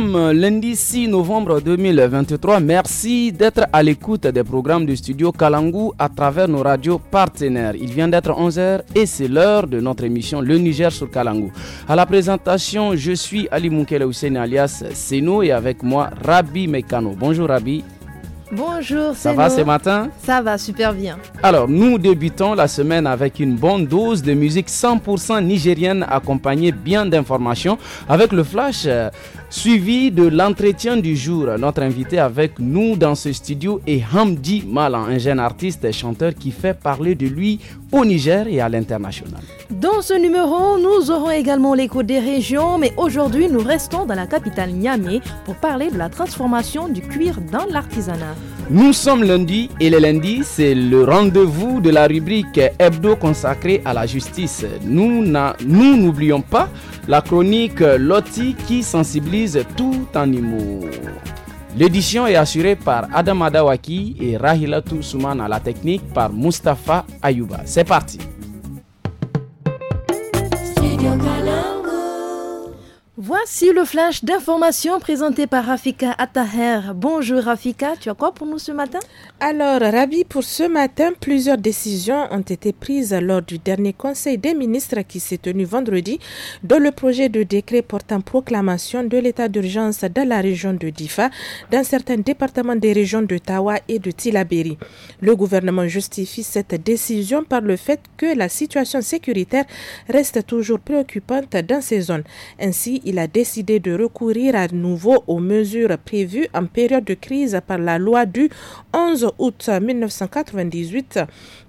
lundi 6 novembre 2023. Merci d'être à l'écoute des programmes du studio Kalangu à travers nos radios partenaires. Il vient d'être 11h et c'est l'heure de notre émission Le Niger sur Kalangu. À la présentation, je suis Ali Moukele Hussein alias Seno et avec moi Rabi Mekano. Bonjour Rabi. Bonjour, ça va ce matin Ça va super bien. Alors, nous débutons la semaine avec une bonne dose de musique 100% nigérienne accompagnée bien d'informations avec le flash euh, suivi de l'entretien du jour. Notre invité avec nous dans ce studio est Hamdi Malan, un jeune artiste et chanteur qui fait parler de lui au Niger et à l'international. Dans ce numéro, nous aurons également l'écho des régions, mais aujourd'hui nous restons dans la capitale Niamey pour parler de la transformation du cuir dans l'artisanat. Nous sommes lundi et le lundi, c'est le rendez-vous de la rubrique hebdo consacrée à la justice. Nous n'oublions pas la chronique Loti qui sensibilise tout animaux. L'édition est assurée par Adam Adawaki et Rahilatou Souman à la technique par Mustapha Ayouba. C'est parti. Voici le flash d'information présenté par Rafika Attaher. Bonjour Rafika, tu as quoi pour nous ce matin Alors Ravi, pour ce matin, plusieurs décisions ont été prises lors du dernier Conseil des ministres qui s'est tenu vendredi, dans le projet de décret portant proclamation de l'état d'urgence dans la région de Difa, dans certains départements des régions de Tawa et de Tilaberi. Le gouvernement justifie cette décision par le fait que la situation sécuritaire reste toujours préoccupante dans ces zones. Ainsi, il a décidé de recourir à nouveau aux mesures prévues en période de crise par la loi du 11 août 1998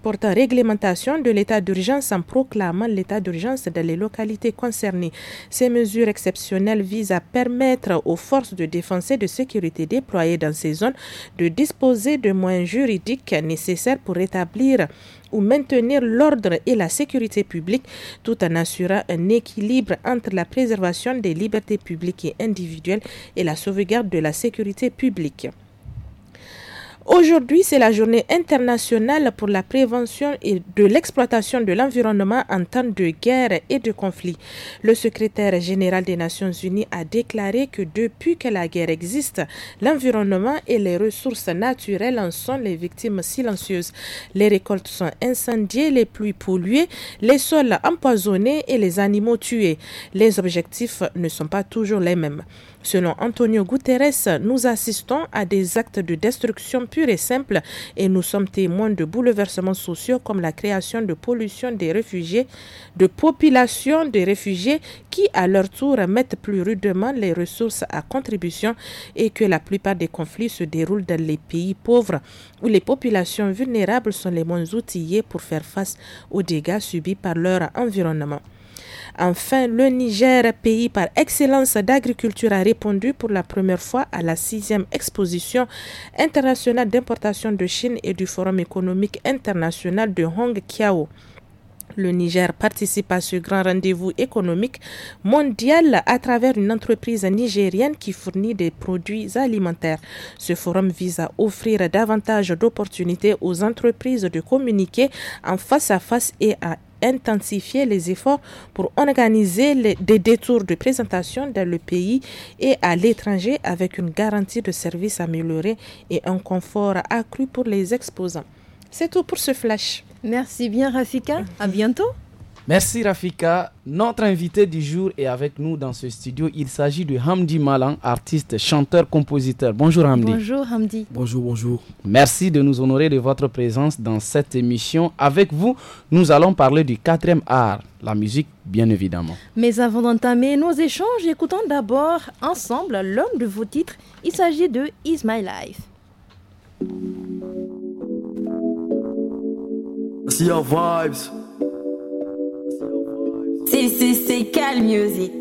portant réglementation de l'état d'urgence en proclamant l'état d'urgence dans les localités concernées. Ces mesures exceptionnelles visent à permettre aux forces de défense et de sécurité déployées dans ces zones de disposer de moyens juridiques nécessaires pour rétablir ou maintenir l'ordre et la sécurité publique tout en assurant un équilibre entre la préservation des libertés publiques et individuelles et la sauvegarde de la sécurité publique. Aujourd'hui, c'est la journée internationale pour la prévention et de l'exploitation de l'environnement en temps de guerre et de conflit. Le secrétaire général des Nations Unies a déclaré que depuis que la guerre existe, l'environnement et les ressources naturelles en sont les victimes silencieuses. Les récoltes sont incendiées, les pluies polluées, les sols empoisonnés et les animaux tués. Les objectifs ne sont pas toujours les mêmes. Selon Antonio Guterres, nous assistons à des actes de destruction pure et simple et nous sommes témoins de bouleversements sociaux comme la création de pollution des réfugiés, de populations de réfugiés qui à leur tour mettent plus rudement les ressources à contribution et que la plupart des conflits se déroulent dans les pays pauvres où les populations vulnérables sont les moins outillées pour faire face aux dégâts subis par leur environnement. Enfin, le Niger, pays par excellence d'agriculture, a répondu pour la première fois à la sixième exposition internationale d'importation de Chine et du Forum économique international de Hong Kiao. Le Niger participe à ce grand rendez-vous économique mondial à travers une entreprise nigérienne qui fournit des produits alimentaires. Ce forum vise à offrir davantage d'opportunités aux entreprises de communiquer en face à face et à intensifier les efforts pour organiser des détours de présentation dans le pays et à l'étranger avec une garantie de service améliorée et un confort accru pour les exposants. C'est tout pour ce flash. Merci bien Rafika, à bientôt. Merci Rafika. Notre invité du jour est avec nous dans ce studio. Il s'agit de Hamdi Malan, artiste, chanteur, compositeur. Bonjour Hamdi. Bonjour Hamdi. Bonjour, bonjour. Merci de nous honorer de votre présence dans cette émission. Avec vous, nous allons parler du quatrième art, la musique bien évidemment. Mais avant d'entamer nos échanges, écoutons d'abord ensemble l'un de vos titres. Il s'agit de Is My Life. See your vibes. CCC Cal Music.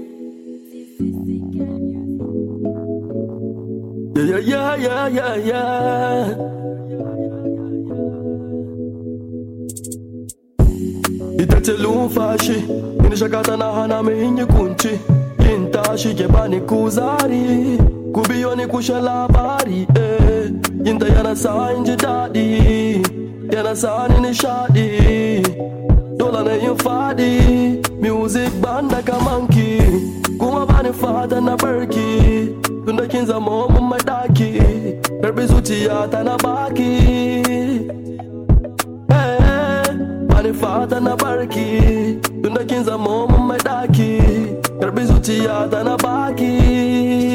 Yeah, yeah, yeah, yeah, yeah. yeah. lufashi, itetelumfashi na hana mihinyi kunchi intashi kebanikuzari kubiyoni kushalabari eh. Yinda yana sawa inji daɗi Yana sawa ni nishaɗi Dola ne yin faɗi Music banda ka manki Kuma bani fata na barki Tunda kin zama mun mai daki Karbi zuciya ta na baki eh, Bani fata na barki Tunda kin zama mun mai daki Karbi zuciya ta na baki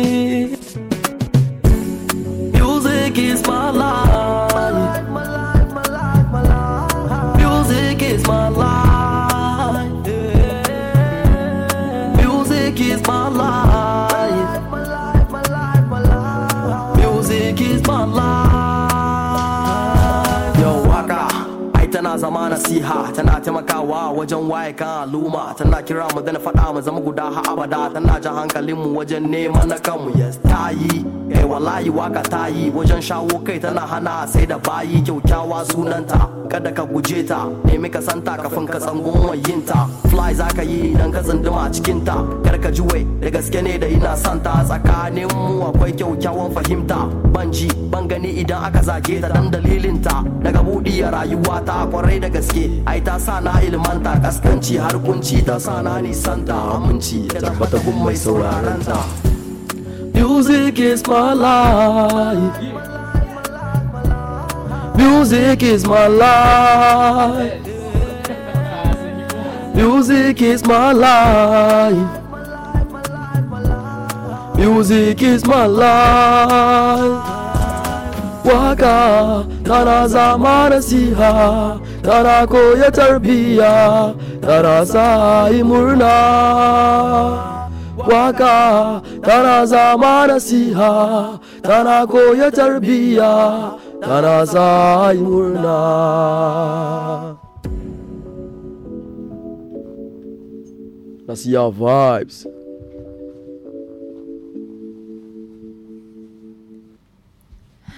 nasiha tana taimakawa wajen waye kan al'umma tana kira mu dana na faɗa mu zama guda ha abada tana jan hankalin mu wajen neman na kanmu yes ta eh wallahi waka ta wajen shawo kai tana hana sai da bayi kyaukyawa sunanta kada ka guje ta nemi ka santa kafin ka tsangon ta. fly zaka yi idan ka zanduma a cikin ta kar ka ji wai da gaske ne da ina santa tsakanin mu akwai kyaukyawan fahimta ban ji ban gani idan aka zage ta dan dalilinta ta daga ya rayuwa ta kwarai daga gaske ilmanta kaskanci aminci tabbata gun mai music is my life music is my life music is my life Music is my life. Waka tana zama siha. Tara koya tarbiya tara imurna waka tana zama nasiha tana tarbiya tana imurna That's your vibes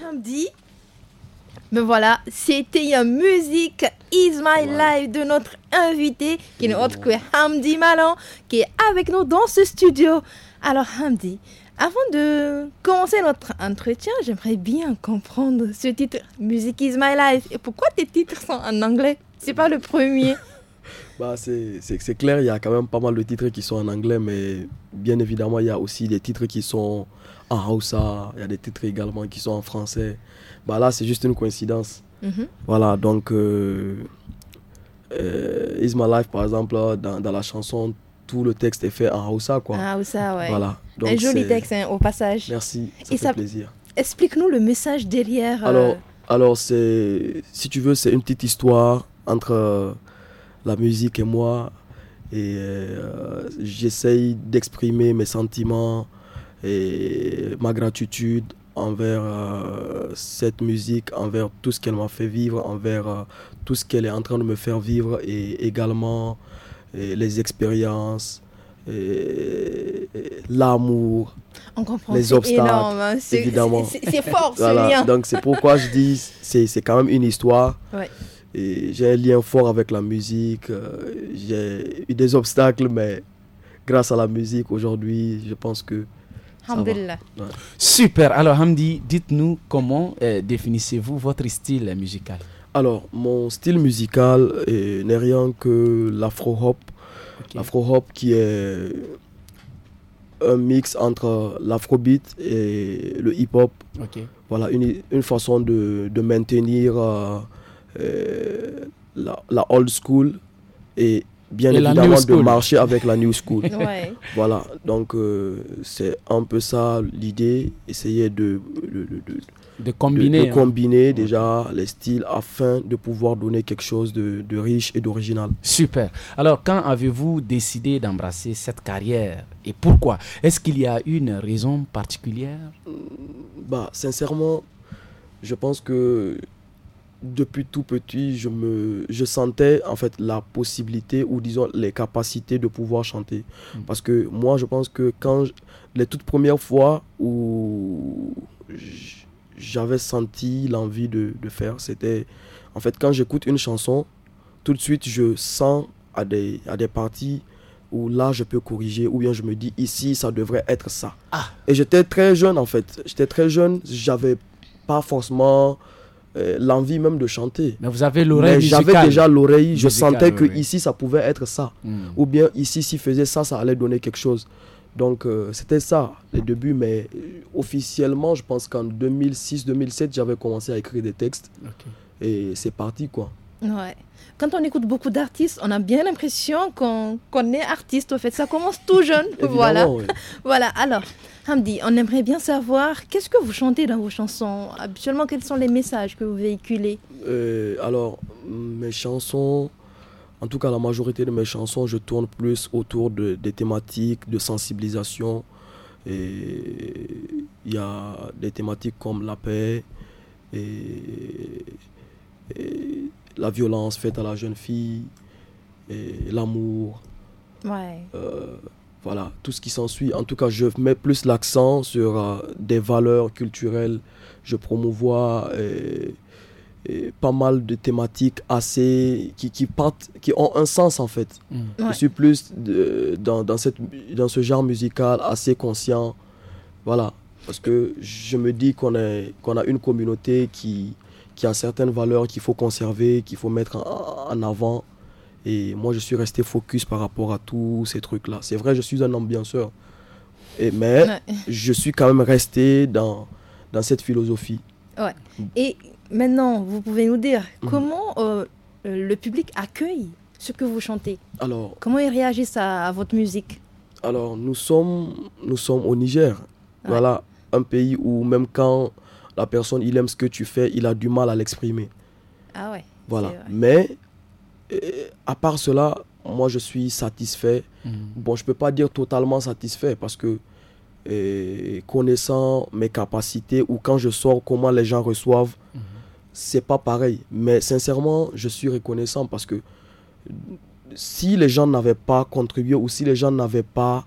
Hamdi Mais voilà, c'était un musique Is My Life de notre invité, qui n'est autre que Hamdi Malan, qui est avec nous dans ce studio. Alors Hamdi, avant de commencer notre entretien, j'aimerais bien comprendre ce titre musique is my life. Et pourquoi tes titres sont en anglais C'est pas le premier. bah, c'est clair, il y a quand même pas mal de titres qui sont en anglais, mais bien évidemment, il y a aussi des titres qui sont en Hausa, il y a des titres également qui sont en français. Bah là, c'est juste une coïncidence. Mhm. Voilà, donc euh, euh, Is My Life, par exemple, dans, dans, la chanson, tout le texte est fait en Hausa. Quoi. Ah, ouais. Voilà. un joli texte, hein, au passage. Merci, ça fait plaisir. Explique-nous le message derrière. Euh, alors, alors c'est, si tu veux, c'est une petite histoire entre la musique et moi. Et j'essaye d'exprimer mes sentiments, et ma gratitude envers euh, cette musique, envers tout ce qu'elle m'a fait vivre, envers euh, tout ce qu'elle est en train de me faire vivre et également les expériences, l'amour, les obstacles, évidemment. C'est fort ce Donc c'est pourquoi je dis c'est quand même une histoire. J'ai un lien fort avec la musique. Euh, j'ai eu des obstacles, mais grâce à la musique aujourd'hui, je pense que Super. Alors, Hamdi, dites-nous comment euh, définissez-vous votre style musical Alors, mon style musical euh, n'est rien que l'afro-hop. L'afro-hop qui est un mix entre l'afrobeat et le hip-hop. Voilà, une, façon de, maintenir euh, la, la, old school et bien évidemment de marcher avec la New School. Voilà, donc euh, c'est un peu ça l'idée, essayer de, de, de, de combiner, hein. déjà les styles afin de pouvoir donner quelque chose de, riche et d'original. Super. Alors, quand avez-vous décidé d'embrasser cette carrière et pourquoi Est-ce qu'il y a une raison particulière Bah, sincèrement, je pense que depuis tout petit, je, me, je sentais en fait la possibilité ou disons les capacités de pouvoir chanter. Mm. Parce que moi, je pense que quand les toutes premières fois où j'avais senti l'envie de, de, faire, c'était en fait quand j'écoute une chanson, tout de suite je sens à des, à des parties où là je peux corriger ou bien je me dis ici ça devrait être ça. Ah. Et j'étais très jeune en fait. J'étais très jeune, j'avais pas forcément euh, l'envie même de chanter. Mais vous avez l'oreille J'avais déjà l'oreille, je sentais que ici ça pouvait être ça. Hmm. Ou bien ici s'il faisait ça, ça allait donner quelque chose. Donc euh, c'était ça les débuts, mais euh, officiellement je pense qu'en 2006-2007 j'avais commencé à écrire des textes. Et c'est parti quoi. Ouais quand on écoute beaucoup d'artistes, on a bien l'impression qu'on est artiste. en fait, ça commence tout jeune. voilà. voilà. Alors, Hamdi, on aimerait bien savoir qu'est-ce que vous chantez dans vos chansons Habituellement, quels sont les messages que vous véhiculez euh, Alors, mes chansons, en tout cas, la majorité de mes chansons, je tourne plus autour de, des thématiques de sensibilisation. Et il y a des thématiques comme la paix et la violence faite à la jeune fille, l'amour. Euh, voilà, tout ce qui s'ensuit. En tout cas, je mets plus l'accent sur euh, des valeurs culturelles. Je promouvois euh, pas mal de thématiques assez. qui, qui, partent, qui ont un sens en fait. Mm. Je suis plus de, dans, dans, cette, dans ce genre musical assez conscient. Voilà, parce que je me dis qu'on qu'on a une communauté qui, qui a certaines valeurs qu'il faut conserver, qu'il faut mettre en avant. Et moi, je suis resté focus par rapport à tous ces trucs-là. C'est vrai, je suis un ambianceur. Et, mais je suis quand même resté dans, dans cette philosophie. Ouais. Et maintenant, vous pouvez nous dire mhm. comment euh, euh, le public accueille ce que vous chantez Alors, Comment ils réagissent à, votre musique Alors, nous sommes, nous sommes au Niger. Voilà, un pays où même quand la personne, il aime ce que tu fais, il a du mal à l'exprimer. Ah ouais. Voilà. Mais euh, à part cela, moi je suis satisfait. Mm. Bon, je peux pas dire totalement satisfait parce que euh, connaissant mes capacités ou quand je sors, comment les gens reçoivent, mm-hmm. c'est pas pareil. Mais sincèrement, je suis reconnaissant parce que si les gens n'avaient pas contribué ou si les gens n'avaient pas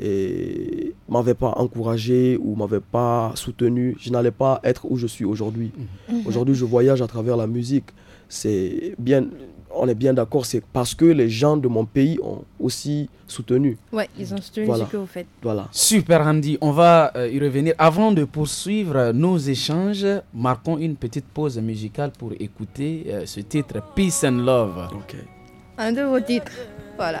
et m'avait pas encouragé ou m'avait pas soutenu, je n'allais pas être où je suis aujourd'hui. Mhm. Mhm. Aujourd'hui, je voyage à travers la musique. C'est bien, on est bien d'accord, c'est parce que les gens de mon pays ont aussi soutenu. Oui, ils ont soutenu voilà. ce que vous faites. Voilà. Super Hamdi. on va euh, y revenir. Avant de poursuivre nos échanges, marquons une petite pause musicale pour écouter euh, ce titre Peace and Love. Un de vos titres, voilà.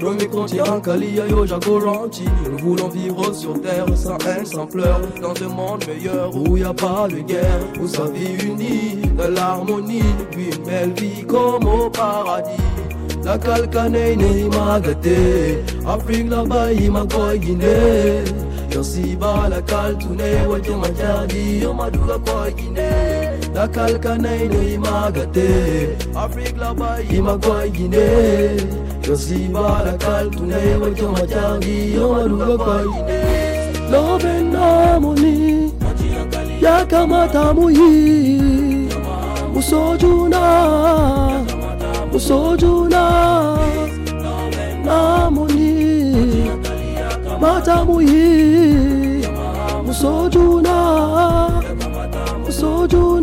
Loin des continents, Kali Ayo, Jagoranti. Nous voulons vivre sur terre sans haine, sans pleurs. Dans un monde meilleur où n'y a pas de guerre, où sa vie unie, dans l'harmonie. Puis une belle vie comme au paradis. La il m'a gâté, Afrique la baille, ma Guinée. Yo si bas la caltune, ouais Il yo maduga Guinée. Na kalkanaide imagate Afrika bai imagwa gine Yosiba la kaltune wakyo machangi yomaruga kwa gine Lobe na moni Yakamata muyi Musojuna Musojuna Na moni Mata muyi Musojuna nous,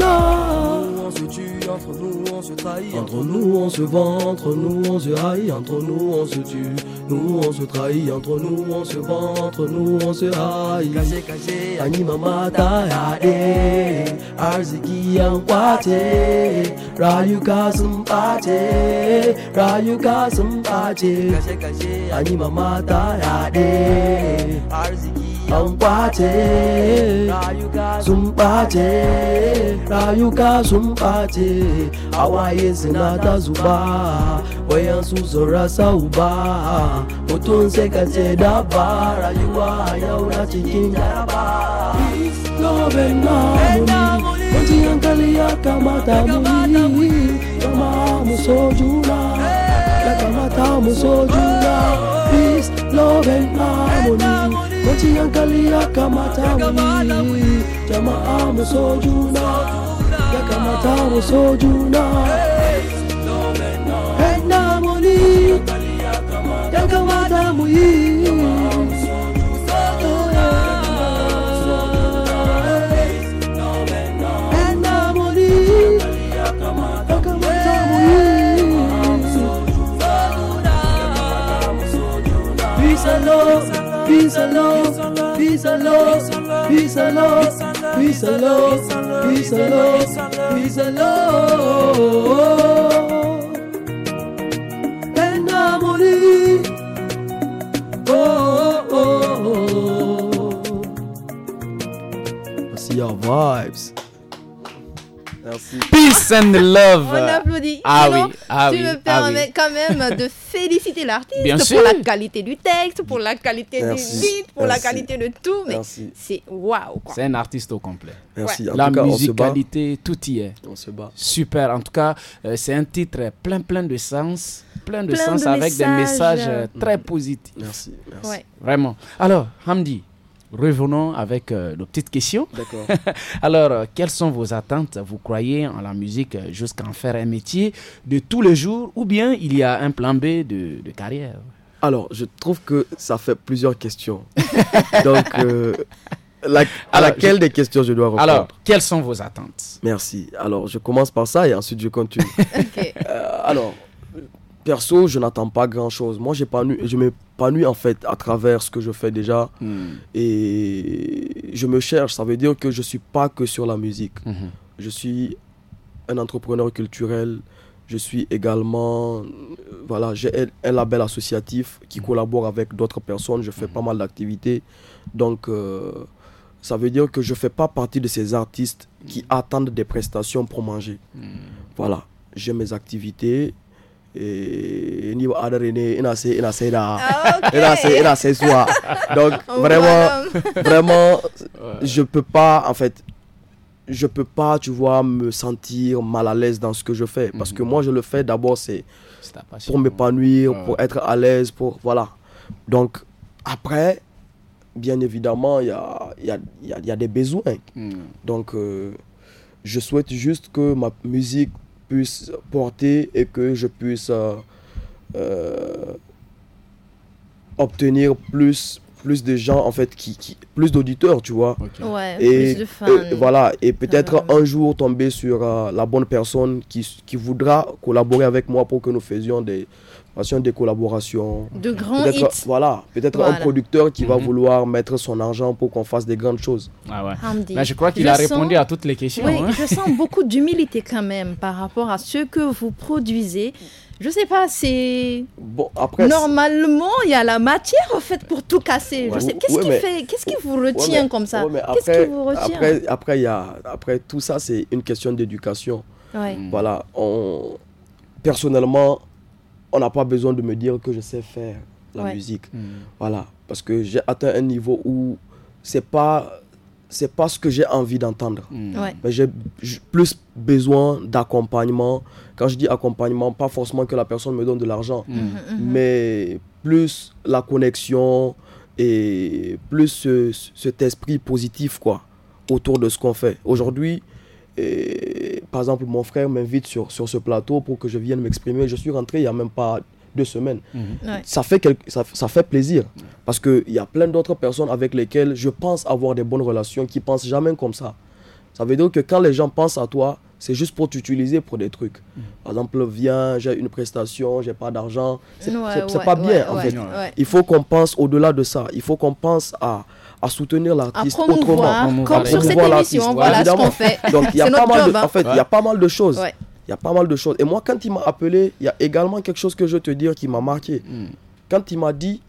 on se tue, entre nous, on se trahit. Entre nous, on se vend, entre nous, on se haït. Entre nous, on se tue, nous, on se trahit. Entre nous, on se vend, entre nous, on se haït. Caché, caché. Anima mata yade. Arziki yankwate. Rayuka sumpate. Rayuka sumpate. Caché, caché. Anima mata yade. Arziki an kwace sun ɓace rayuka sun ɓace hawaye suna zuba wayansu sun rasa uba mutum sai ka ce daba rayuwa yau na cikin jaraba lobe namuni kamata mu yi kamata mu peace love and harmony Kwanci yankali ya kamata mu yi jama'a mu so juna ya kamata mu so juna Hey na muni ya kamata mu yi peace and love, peace and love, peace and love, peace and love, peace and love, peace and love. peace And harmony. Oh oh, oh, oh, oh. I see y'all vibes. send love. On applaudit. Ah oui, ah tu me ah permets quand même de féliciter l'artiste pour la qualité du texte, pour la qualité du beat, pour la qualité de tout. Mais c'est waouh. C'est un artiste au complet. Merci. La musicalité, tout y est. On se bat. Super. En tout cas, euh, c'est un titre plein, plein de sens. Plein de sens avec des messages euh, très mm. positifs. Merci. Merci. Vraiment. Alors, Hamdi revenons avec euh, nos petites questions. Alors, euh, quelles sont vos attentes Vous croyez en la musique euh, jusqu'à en faire un métier de tous les jours ou bien il y a un plan B de, carrière Alors, je trouve que ça fait plusieurs questions. Donc, à laquelle des questions je dois répondre Alors, quelles sont vos attentes Merci. Alors, je commence par ça et ensuite je continue. alors, perso, je n'attends pas grand chose. Moi, je m'épanouis en fait à travers ce que je fais déjà. Hmm. Et je me cherche. Ça veut dire que je ne suis pas que sur la musique. Hmm. Je suis un entrepreneur culturel. Je suis également. Voilà, j'ai un label associatif qui hmm. collabore avec d'autres personnes. Je fais pas mal d'activités. Donc. Euh, ça veut dire que je ne fais pas partie de ces artistes qui attendent des prestations pour manger. Voilà, j'ai mes activités, eh, ni niveau adare ni ina sai ina da ah, ina ina donc oh, vraiment vraiment je peux pas en fait je peux pas tu vois me sentir mal à l'aise dans ce que je fais parce que mhm. moi je le fais d'abord c'est pour hein. m'épanouir pour être à l'aise pour voilà donc après bien évidemment il y a, y, y a des besoins mhm. donc euh, je souhaite juste que ma musique puisse porter et que je puisse euh, euh, obtenir plus plus de gens en fait qui, plus d'auditeurs tu vois et, voilà et peut-être un jour tomber sur euh, la bonne personne qui, voudra collaborer avec moi pour que nous faisions des des collaborations. De grands peut hits. Voilà, peut-être un producteur qui va mhm. vouloir mettre son argent pour qu'on fasse des grandes choses. Ah ouais. Mais je crois qu'il a répondu à toutes les questions. Oui, hein. je sens beaucoup d'humilité quand même par rapport à ce que vous produisez. Je sais pas, c'est bon, après, normalement il y a la matière en fait pour tout casser. sais qu'est-ce qui fait, qu'est-ce qui vous retient comme ça Qu'est-ce qui vous retient Après, après il y a... après tout ça c'est une question d'éducation. Voilà, on mm. personnellement on n'a pas besoin de me dire que je sais faire la musique. Mm. Voilà, parce que j'ai atteint un niveau où c'est pas c'est pas ce que j'ai envie d'entendre. Mm. Mais j'ai plus besoin d'accompagnement. Quand je dis accompagnement, pas forcément que la personne me donne de l'argent, mm. mais plus la connexion et plus cet esprit positif quoi autour de ce qu'on fait. Aujourd'hui, par exemple, mon frère m'invite sur, sur ce plateau pour que je vienne m'exprimer. Je suis rentré il n'y a même pas deux semaines. Mhm. ça, fait ça, fait plaisir parce qu'il y a plein d'autres personnes avec lesquelles je pense avoir des bonnes relations qui pensent jamais comme ça. Ça veut dire que quand les gens pensent à toi, c'est juste pour t'utiliser pour des trucs. Mhm. Par exemple, viens, j'ai une prestation, j'ai pas d'argent. C'est ouais, pas bien en fait. Il faut qu'on pense au-delà de ça. Il faut qu'on pense à à soutenir l'artiste autrement. comme sur cette émission, voilà, ce qu'on fait. Donc il y a pas mal de, hein. en fait, il y a pas mal de choses. Il y a pas mal de choses. Et moi, quand il m'a appelé, il y a également quelque chose que je veux te dire qui m'a marqué. Hmm. Quand il m'a dit,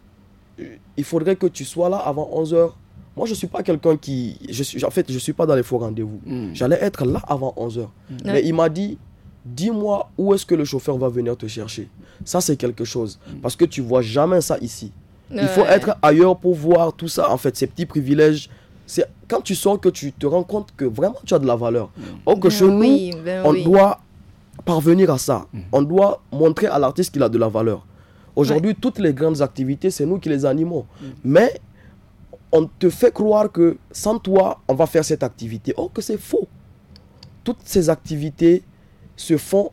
il faudrait que tu sois là avant 11h. Moi, je ne suis pas quelqu'un qui... Je suis, en fait, je ne suis pas dans les faux rendez-vous. Hmm. J'allais être là avant 11h. Hmm. Mais il m'a dit, dis-moi où est-ce que le chauffeur va venir te chercher. Ça, c'est quelque chose. Parce que tu vois jamais ça ici. Il faut être ailleurs pour voir tout ça, en fait, ces petits privilèges. C'est quand tu sens que tu te rends compte que vraiment tu as de la valeur. Mm. Donc, ben nous, ben on doit parvenir à ça. Mm. On doit montrer à l'artiste qu'il a de la valeur. Aujourd'hui, toutes les grandes activités, c'est nous qui les animons. Mm. Mais on te fait croire que sans toi, on va faire cette activité. Oh, que c'est faux. Toutes ces activités se font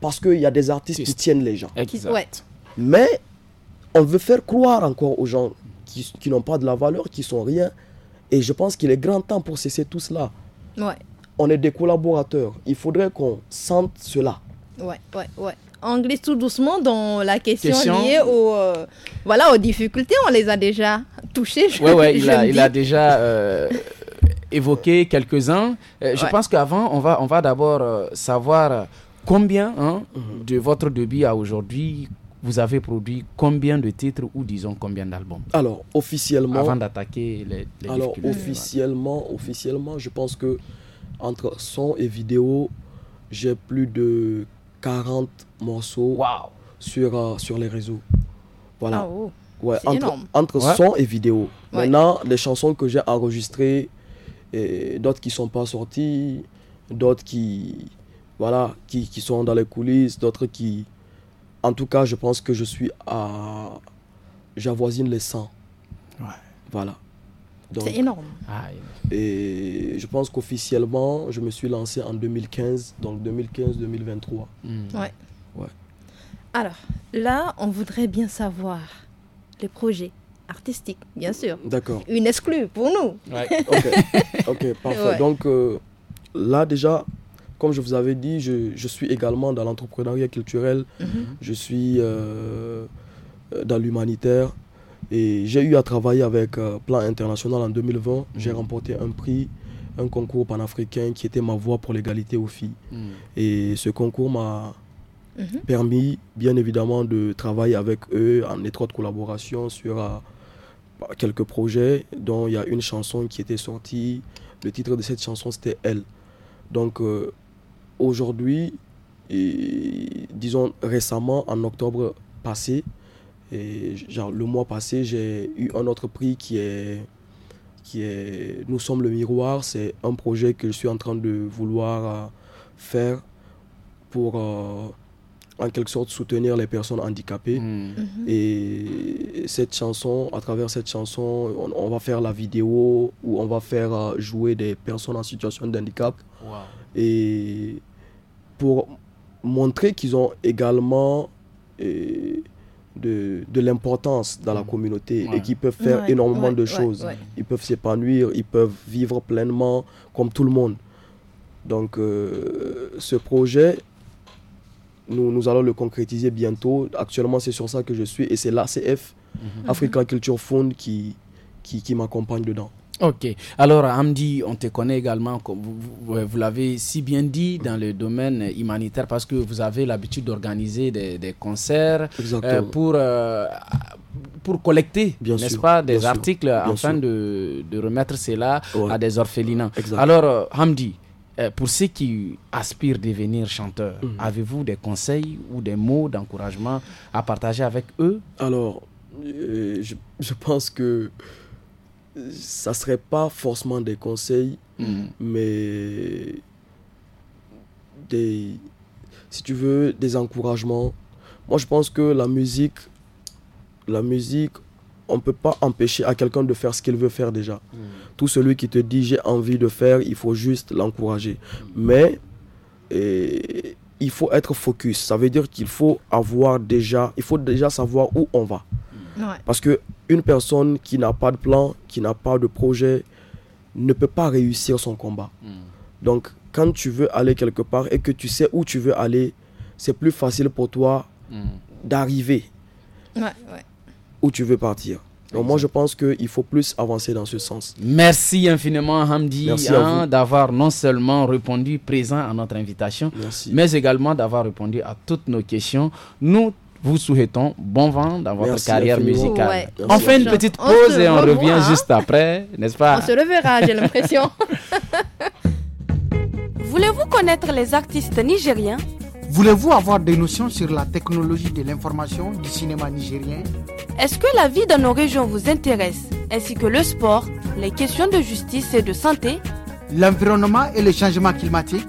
parce qu'il y a des artistes qui tiennent les gens. Exact. Mais on veut faire croire encore aux gens qui, n'ont pas de la valeur, qui sont rien. Et je pense qu'il est grand temps pour cesser tout cela. On est des collaborateurs. Il faudrait qu'on sente cela. Ouais, ouais, ouais. On tout doucement dans la question, liée aux, euh, voilà, aux difficultés. On les a déjà touchées. Je, ouais, ouais, il, a, déjà. Euh, évoqué quelques-uns. Euh, je pense qu'avant, on va, on va d'abord savoir combien hein, mhm. de votre débit à aujourd'hui, vous avez produit combien de titres ou disons combien d'albums Alors, officiellement. Avant d'attaquer les, les, Alors, officiellement, officiellement, je pense que entre son et vidéo, j'ai plus de 40 morceaux sur, euh, sur les réseaux. Voilà. Ah, oh. ouais, entre, son et vidéo. Maintenant, les chansons que j'ai enregistrées, et d'autres qui sont pas sorties, d'autres qui, voilà, qui sont dans les coulisses, d'autres qui en tout cas, je pense que je suis à. J'avoisine les 100. Ouais. Voilà. C'est énorme. Et je pense qu'officiellement, je me suis lancé en 2015, donc 2015-2023. Hmm. Ouais. ouais. Alors, là, on voudrait bien savoir les projets artistiques, bien sûr. D'accord. Une exclue pour nous. Ouais. ok, parfait. Donc, euh, là, déjà, comme je vous avais dit, je, suis également dans l'entrepreneuriat culturel, mhm. je suis euh, euh, dans l'humanitaire. Et j'ai eu à travailler avec euh, Plan International en 2020. Mhm. J'ai remporté un prix, un concours panafricain qui était ma voix pour l'égalité aux filles. Mhm. Et ce concours m'a permis, bien évidemment, de travailler avec eux en étroite collaboration sur bah, quelques projets, dont il y a une chanson qui était sortie. Le titre de cette chanson, c'était Elle. Donc, aujourd'hui, disons récemment, en octobre passé, et genre le mois passé, j'ai eu un autre prix qui est, qui est Nous sommes le miroir. C'est un projet que je suis en train de vouloir euh, faire pour euh, en quelque sorte soutenir les personnes handicapées. Hmm. Mhm. Et cette chanson, à travers cette chanson, on, va faire la vidéo où on va faire euh, jouer des personnes en situation de handicap et pour montrer qu'ils ont également euh, de, de l'importance dans la mm. communauté et qu'ils peuvent faire énormément de choses. Ils peuvent s'épanouir, ils peuvent vivre pleinement comme tout le monde. Donc euh, ce projet, nous, nous allons le concrétiser bientôt. Actuellement, c'est sur ça que je suis et c'est l'ACF, mm-hmm. African Culture Fund, qui, qui m'accompagne dedans. Ok. Alors, Hamdi, on te connaît également, comme vous, l'avez si bien dit, dans le domaine humanitaire, parce que vous avez l'habitude d'organiser des, concerts euh, pour, euh, pour collecter, n'est-ce pas, des articles afin de, remettre cela à des orphelins. Alors, Hamdi, euh, pour ceux qui aspirent à devenir chanteurs, mm. avez-vous des conseils ou des mots d'encouragement à partager avec eux Alors, je pense que ça serait pas forcément des conseils, mm. mais des, si tu veux, des encouragements. Moi, je pense que la musique, la musique, on peut pas empêcher à quelqu'un de faire ce qu'il veut faire déjà. Mm. Tout celui qui te dit j'ai envie de faire, il faut juste l'encourager. Mm. Mais il faut être focus. Ça veut dire qu'il faut avoir déjà, il faut déjà savoir où on va. Parce que une personne qui n'a pas de plan, qui n'a pas de projet, ne peut pas réussir son combat. Hmm. Donc, quand tu veux aller quelque part et que tu sais où tu veux aller, c'est plus facile pour toi hmm. d'arriver où tu veux partir. Donc moi, je pense qu'il faut plus avancer dans ce sens. Merci infiniment, Hamdi, hein, d'avoir non seulement répondu présent à notre invitation, mais également d'avoir répondu à toutes nos questions. Nous vous souhaitons bon vent dans votre carrière musicale. On fait une petite pause et on revient hein. juste après, n'est-ce pas On se reverra, j'ai l'impression. Voulez-vous connaître les artistes nigériens Voulez-vous avoir des notions sur la technologie de l'information du cinéma nigérien Est-ce que la vie dans nos régions vous intéresse, ainsi que le sport, les questions de justice et de santé L'environnement et le changement climatique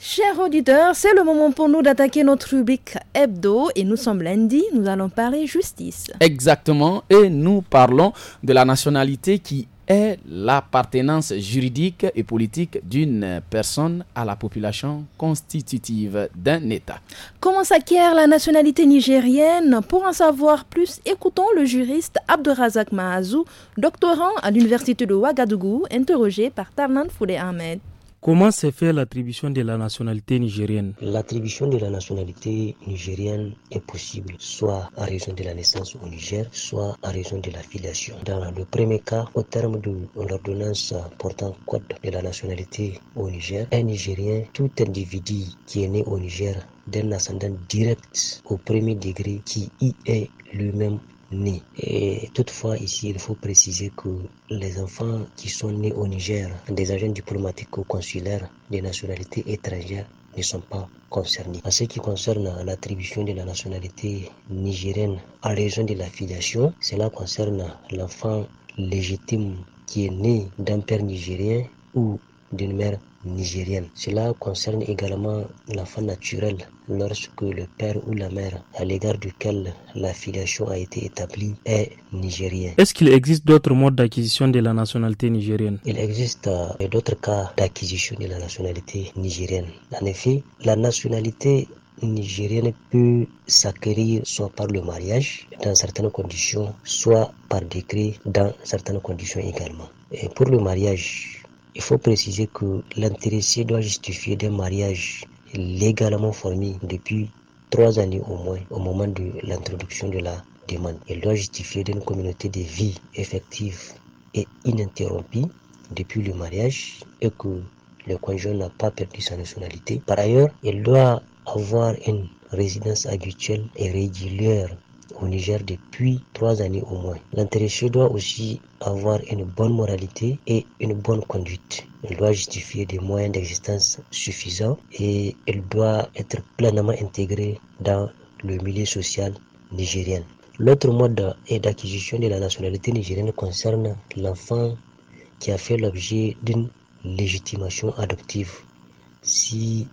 Chers auditeurs, c'est le moment pour nous d'attaquer notre rubrique hebdo et nous sommes lundi, nous allons parler justice. Exactement, et nous parlons de la nationalité qui est l'appartenance juridique et politique d'une personne à la population constitutive d'un État. Comment s'acquiert la nationalité nigérienne Pour en savoir plus, écoutons le juriste Abdurazak Mahazou, doctorant à l'université de Ouagadougou, interrogé par Tarnan Foudé Ahmed. Comment se fait l'attribution de la nationalité nigérienne L'attribution de la nationalité nigérienne est possible soit à raison de la naissance au Niger, soit à raison de la filiation. Dans le premier cas, au terme de l'ordonnance portant code de la nationalité au Niger, un Nigérien, tout individu qui est né au Niger d'un ascendant direct au premier degré qui y est lui-même nés. Et toutefois, ici, il faut préciser que les enfants qui sont nés au Niger, des agents diplomatiques ou consulaires des nationalités étrangères, ne sont pas concernés. En ce qui concerne l'attribution de la nationalité nigérienne à raison de l'affiliation, cela concerne l'enfant légitime qui est né d'un père nigérien ou d'une mère nigérienne. Cela concerne également l'enfant naturel lorsque le père ou la mère à l'égard duquel la filiation a été établie est nigérien. Est-ce qu'il existe d'autres modes d'acquisition de la nationalité nigérienne Il existe euh, d'autres cas d'acquisition de la nationalité nigérienne. En effet, la nationalité nigérienne peut s'acquérir soit par le mariage dans certaines conditions, soit par décret dans certaines conditions également. Et pour le mariage, il faut préciser que l'intéressé doit justifier d'un mariage légalement formé depuis trois années au moins au moment de l'introduction de la demande. Il doit justifier d'une communauté de vie effective et ininterrompue depuis le mariage et que le conjoint n'a pas perdu sa nationalité. Par ailleurs, il doit avoir une résidence habituelle et régulière au Niger depuis trois années au moins. L'intéressé doit aussi avoir une bonne moralité et une bonne conduite. Il doit justifier des moyens d'existence suffisants et il doit être pleinement intégré dans le milieu social nigérien. L'autre mode d'acquisition de la nationalité nigérienne concerne l'enfant qui a fait l'objet d'une légitimation adoptive. Si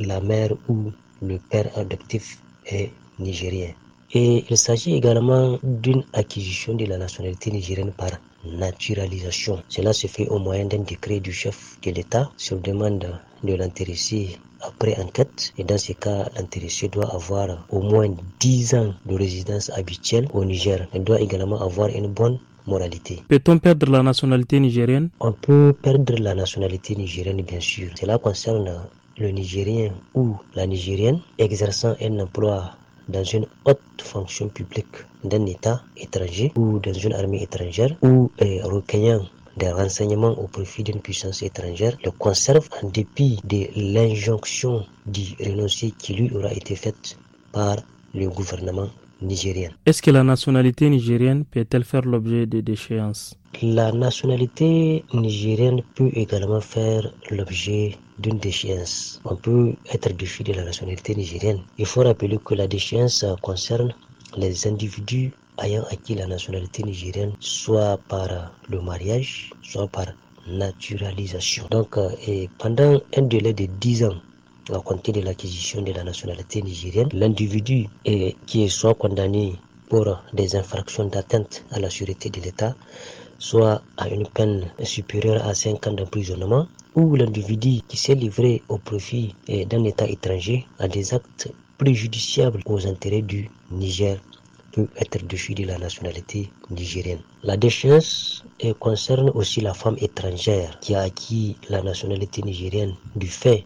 la mère ou le père adoptif est nigérien. Et il s'agit également d'une acquisition de la nationalité nigérienne par naturalisation. Cela se fait au moyen d'un décret du chef de l'État sur demande de l'intéressé après enquête. Et dans ce cas, l'intéressé doit avoir au moins 10 ans de résidence habituelle au Niger. Il doit également avoir une bonne moralité. Peut-on perdre la nationalité nigérienne On peut perdre la nationalité nigérienne, bien sûr. Cela concerne le Nigérien ou la Nigérienne exerçant un emploi dans une haute fonction publique d'un État étranger ou dans une armée étrangère ou recueillant des renseignements au profit d'une puissance étrangère le conserve en dépit de l'injonction du renoncer qui lui aura été faite par le gouvernement est-ce que la nationalité nigérienne peut-elle faire l'objet de déchéances La nationalité nigérienne peut également faire l'objet d'une déchéance. On peut être déchu de la nationalité nigérienne. Il faut rappeler que la déchéance concerne les individus ayant acquis la nationalité nigérienne, soit par le mariage, soit par naturalisation. Donc, euh, et pendant un délai de 10 ans, à compter de l'acquisition de la nationalité nigérienne, l'individu qui est soit condamné pour des infractions d'atteinte à la sûreté de l'État, soit à une peine supérieure à 5 ans d'emprisonnement, ou l'individu qui s'est livré au profit eh, d'un État étranger à des actes préjudiciables aux intérêts du Niger peut être déchu de la nationalité nigérienne. La déchéance eh, concerne aussi la femme étrangère qui a acquis la nationalité nigérienne du fait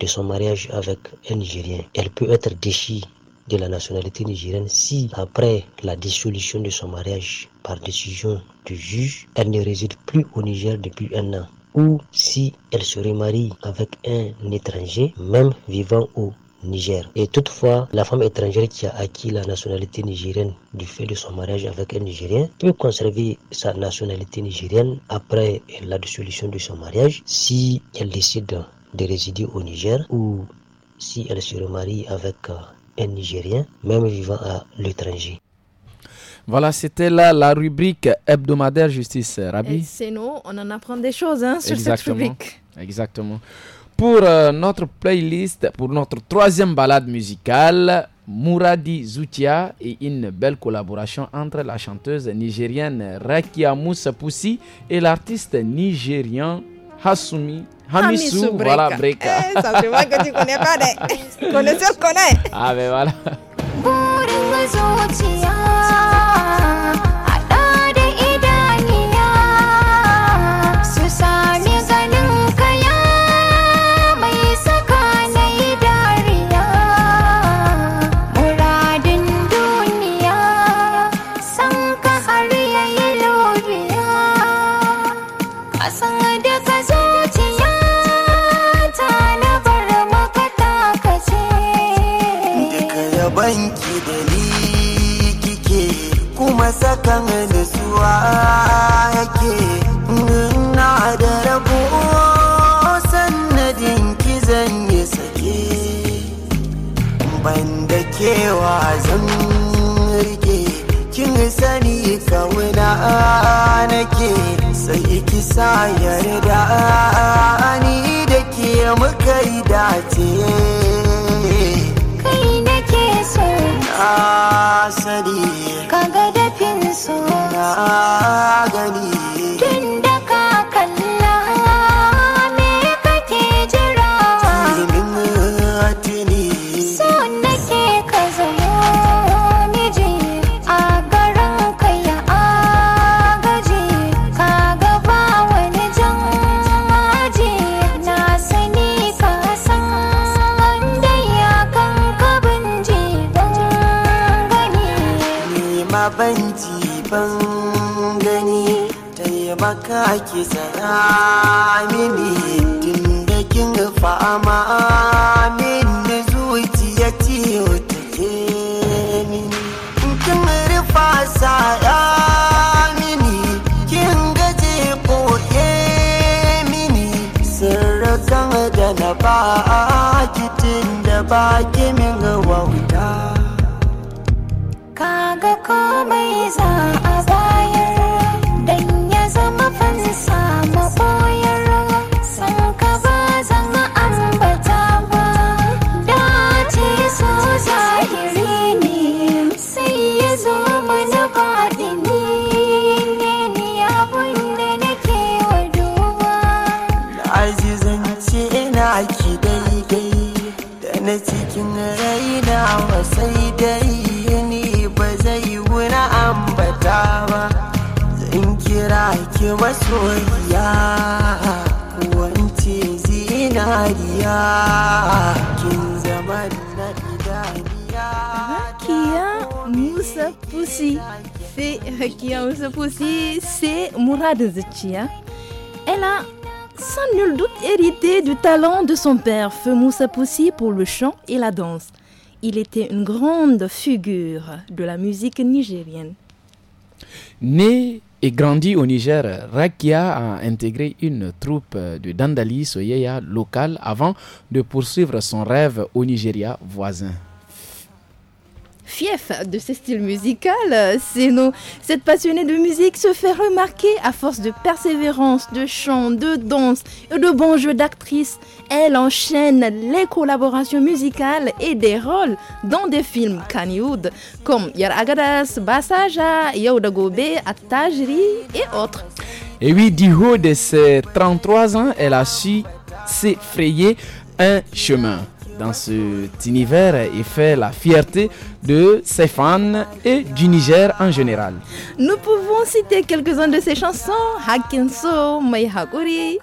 de son mariage avec un Nigérien, elle peut être déchue de la nationalité nigérienne si, après la dissolution de son mariage par décision du juge, elle ne réside plus au Niger depuis un an ou si elle se remarie avec un étranger, même vivant au Niger. Et toutefois, la femme étrangère qui a acquis la nationalité nigérienne du fait de son mariage avec un Nigérien peut conserver sa nationalité nigérienne après la dissolution de son mariage si elle décide de résider au Niger ou si elle se remarie avec euh, un Nigérien, même vivant à l'étranger. Voilà, c'était là la rubrique hebdomadaire justice, euh, Rabi. C'est nous, on en apprend des choses hein, sur Exactement. cette rubrique. Exactement. Pour euh, notre playlist, pour notre troisième balade musicale, Mouradi Zoutia et une belle collaboration entre la chanteuse nigérienne Rakia Moussa Poussi et l'artiste nigérien Hassoumi Hamisu, bala breca. Esa prima que te coné con él. Conoció con él. A ver, bala. zan rike kin sani kauna nake sai ki sa yarda ni da ke muka yi dace kai nake so asali kaga dafin so na gani haka ki tsaya mini tun da kin fama ya ci ciwo ke mini kin rufa tsaya mini kin gaje koke mini sarrafan da na ba kitin da ba ki min wauta kaga komai za Qui kuwa Musa Poussi c'est Musa Pusi c'est Mourad Zichia elle a sans nul doute hérité du talent de son père Feu Moussa Poussi pour le chant et la danse il était une grande figure de la musique nigérienne Né et grandi au Niger, Rakia a intégré une troupe de Dandali Soyeya locale avant de poursuivre son rêve au Nigeria voisin fief de ce styles musical, C'est nous, cette passionnée de musique se fait remarquer à force de persévérance, de chant, de danse et de bons jeux d'actrice. Elle enchaîne les collaborations musicales et des rôles dans des films Kanyoud comme Yaragadas, Basaja, Yaouda Gobe, et autres. Et oui, du haut de ses 33 ans, elle a su s'effrayer un chemin dans cet univers et fait la fierté de ses fans et du Niger en général. Nous pouvons citer quelques uns de ses chansons Hakinso, Mai Hakuri,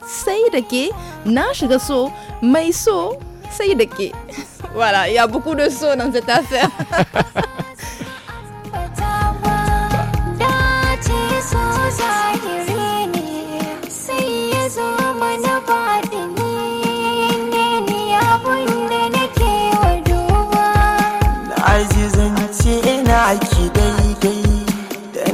nash Nashgaso, Maiso, Voilà, il y a beaucoup de sauts dans cette affaire.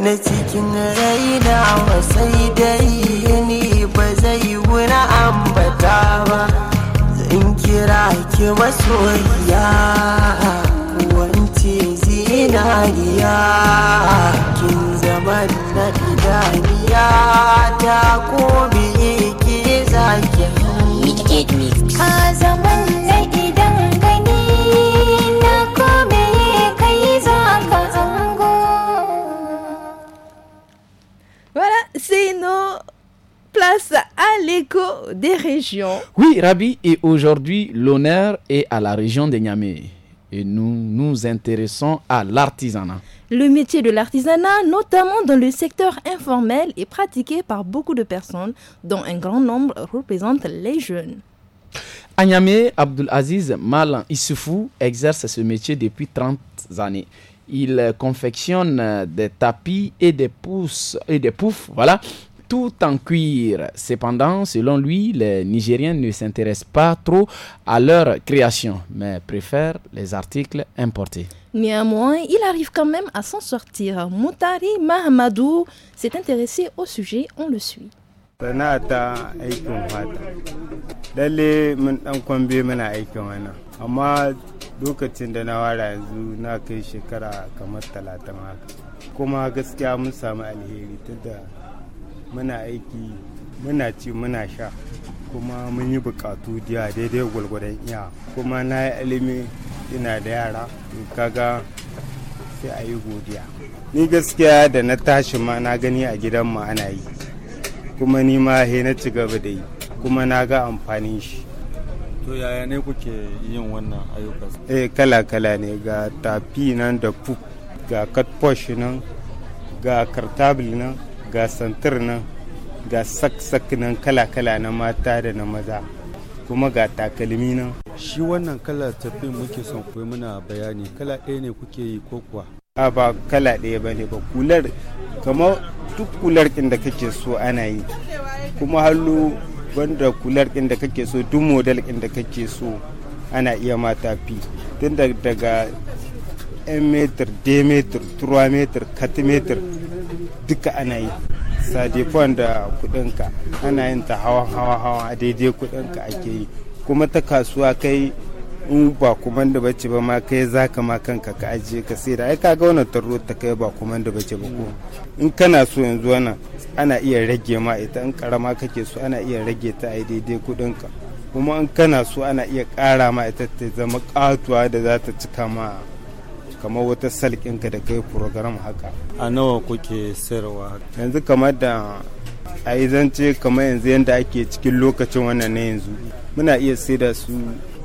na cikin raina wa sai dai ni ba zai wuna ambata ba zan kira ki masoyiya wance zinariya kin zaman na idaniya ta ko ki zaki ka zaman na idan gani c'est nos places à l'écho des régions. Oui, Rabi, et aujourd'hui, l'honneur est à la région de Niamey. Et nous nous intéressons à l'artisanat. Le métier de l'artisanat, notamment dans le secteur informel, est pratiqué par beaucoup de personnes, dont un grand nombre représentent les jeunes. Agname Abdulaziz Malan Issoufou exerce ce métier depuis 30 années. Il confectionne des tapis et des et des poufs, voilà, tout en cuir. Cependant, selon lui, les Nigériens ne s'intéressent pas trop à leur création, mais préfèrent les articles importés. Néanmoins, il arrive quand même à s'en sortir. Moutari Mahamadou s'est intéressé au sujet, on le suit. sana'a ta aikin fata lalle mun dan kwambe muna aikin wannan amma lokacin da na wara yanzu na kai shekara kamar talatin haka kuma gaskiya mun samu alheri tunda muna aiki muna ci muna sha kuma mun yi bukatu diya daidai gwalgwadon iya kuma na yi ilimi ina da yara kaga sai a yi godiya ni gaskiya da na tashi ma na gani a gidan mu ana yi kuma ni ma na ci gaba da yi kuma na ga amfanin shi to yaya ne kuke yin wannan ayyuka eh kala kala ne ga tafi nan da pup ga katposh nan ga kartabil nan ga santir nan ga sak-sak nan kala-kala na mata da na maza kuma ga takalmi nan shi wannan kala tafi muke son kuwa muna bayani kala ɗaya ne kuke yi ko kuwa a ba kala ɗaya ba ne ba kular kamar duk kular ɗin da kake so ana yi kuma hallu banda kular ɗin da kake so duk model ɗin da kake so ana iya mata fi tun daga 1 meter 2 meter 3 meter 4 duka ana yi sadifon da kudinka ana yin ta hawan hawa hawa a daidai kudinka ake yi kuma ta kasuwa kai in ba da bace ba ma kai zaka ma kanka ka ajiye ka sai da ai ga wannan tarro ta kai ba kuma da bace ba ko in kana so yanzu wannan ana iya rage ma ita in karama kake so ana iya rage ta ai daidai kudin ka kuma in kana so ana iya kara ma ita ta zama katuwa da za ta cika ma kamar wata ka da kai program haka a nawa kuke sayarwa yanzu kamar da a yi zance kamar yanzu yadda ake cikin lokacin wannan na yanzu muna iya sai da su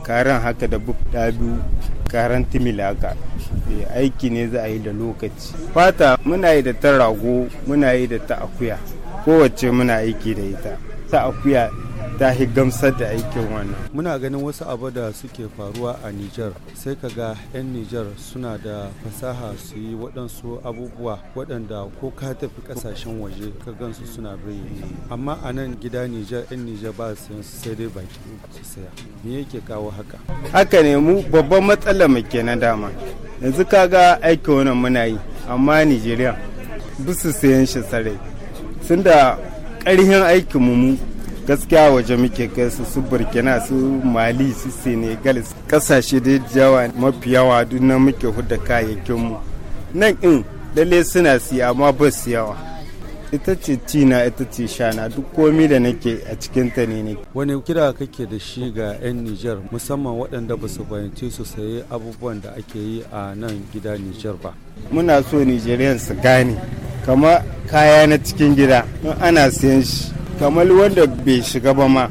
karan haka da bufta biyu karan timila haka eh, aiki ne za a yi da lokaci fata muna yi da ta rago muna yi da ta akuya kowace muna aiki da ita ta akuya ta gamsar da aikin wannan. Muna ganin wasu abu da suke faruwa a Nijar sai ka ga 'yan Nijar suna da fasaha su yi waɗansu abubuwa waɗanda ko ka tafi kasashen waje ka gansu suna bayyana. Amma a nan gida Nijar 'yan Nijar ba su sai dai baki su saya. Me yake kawo haka? Haka ne mu babban matsala mu ke na dama. Yanzu ka ga aikin wannan muna yi amma Nijeriya bisu sayan shi sarai. Tunda ƙarhin aikin mu gaskiya waje muke kai su su burkina su mali su senegal kasashe da yawa mafi yawa duk na muke huda kayayyakin nan in lalle suna siya amma ba su yawa ita ce tina ita ce shana duk komi da nake a cikin ta ne nake wani kira kake da shi ga 'yan niger musamman waɗanda ba su fahimci su sayi abubuwan da ake yi a nan gida niger ba muna so nigerian su gane kama kaya na cikin gida ana siyan shi kamar wanda bai shiga ba ma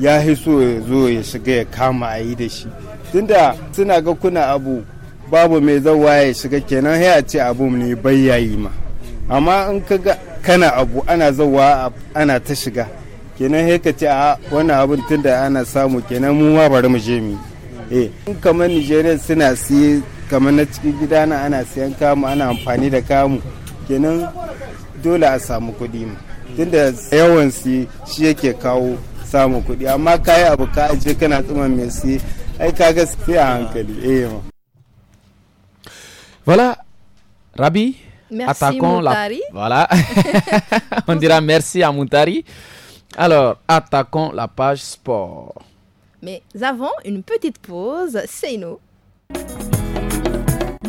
ya fi so ya zo ya shiga ya kama a yi da shi tunda suna ga kuna abu babu mai zawa ya shiga kenan ya ce abu ne bai yayi ma amma in ka ga kana abu ana zawa ana ta shiga kenan ya ka ce a wani abin tunda ana samu kenan mu ma bari mu je mu eh, in kamar nigeria suna siye kamar na cikin gida na ana siyan kamu ana amfani da kamu kenan dole a samu kuɗi mu tunda yawan su shi yake kawo samu kuɗi amma kayi abu ka aje kana tsuman mai su ai kaga sai a hankali eh voilà Rabi Merci attaquons Moutari. la voilà on dira merci à Moutari alors attaquons la page sport mais avant une petite pause c'est nous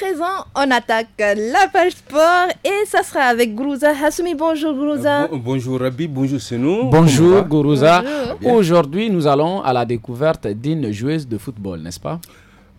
présent, on attaque la page sport et ça sera avec Gourouza Hassoumi. Bonjour Gourouza. Euh, bonjour Rabi, bonjour Senou. Bonjour Gourouza. Aujourd'hui, nous allons à la découverte d'une joueuse de football, n'est-ce pas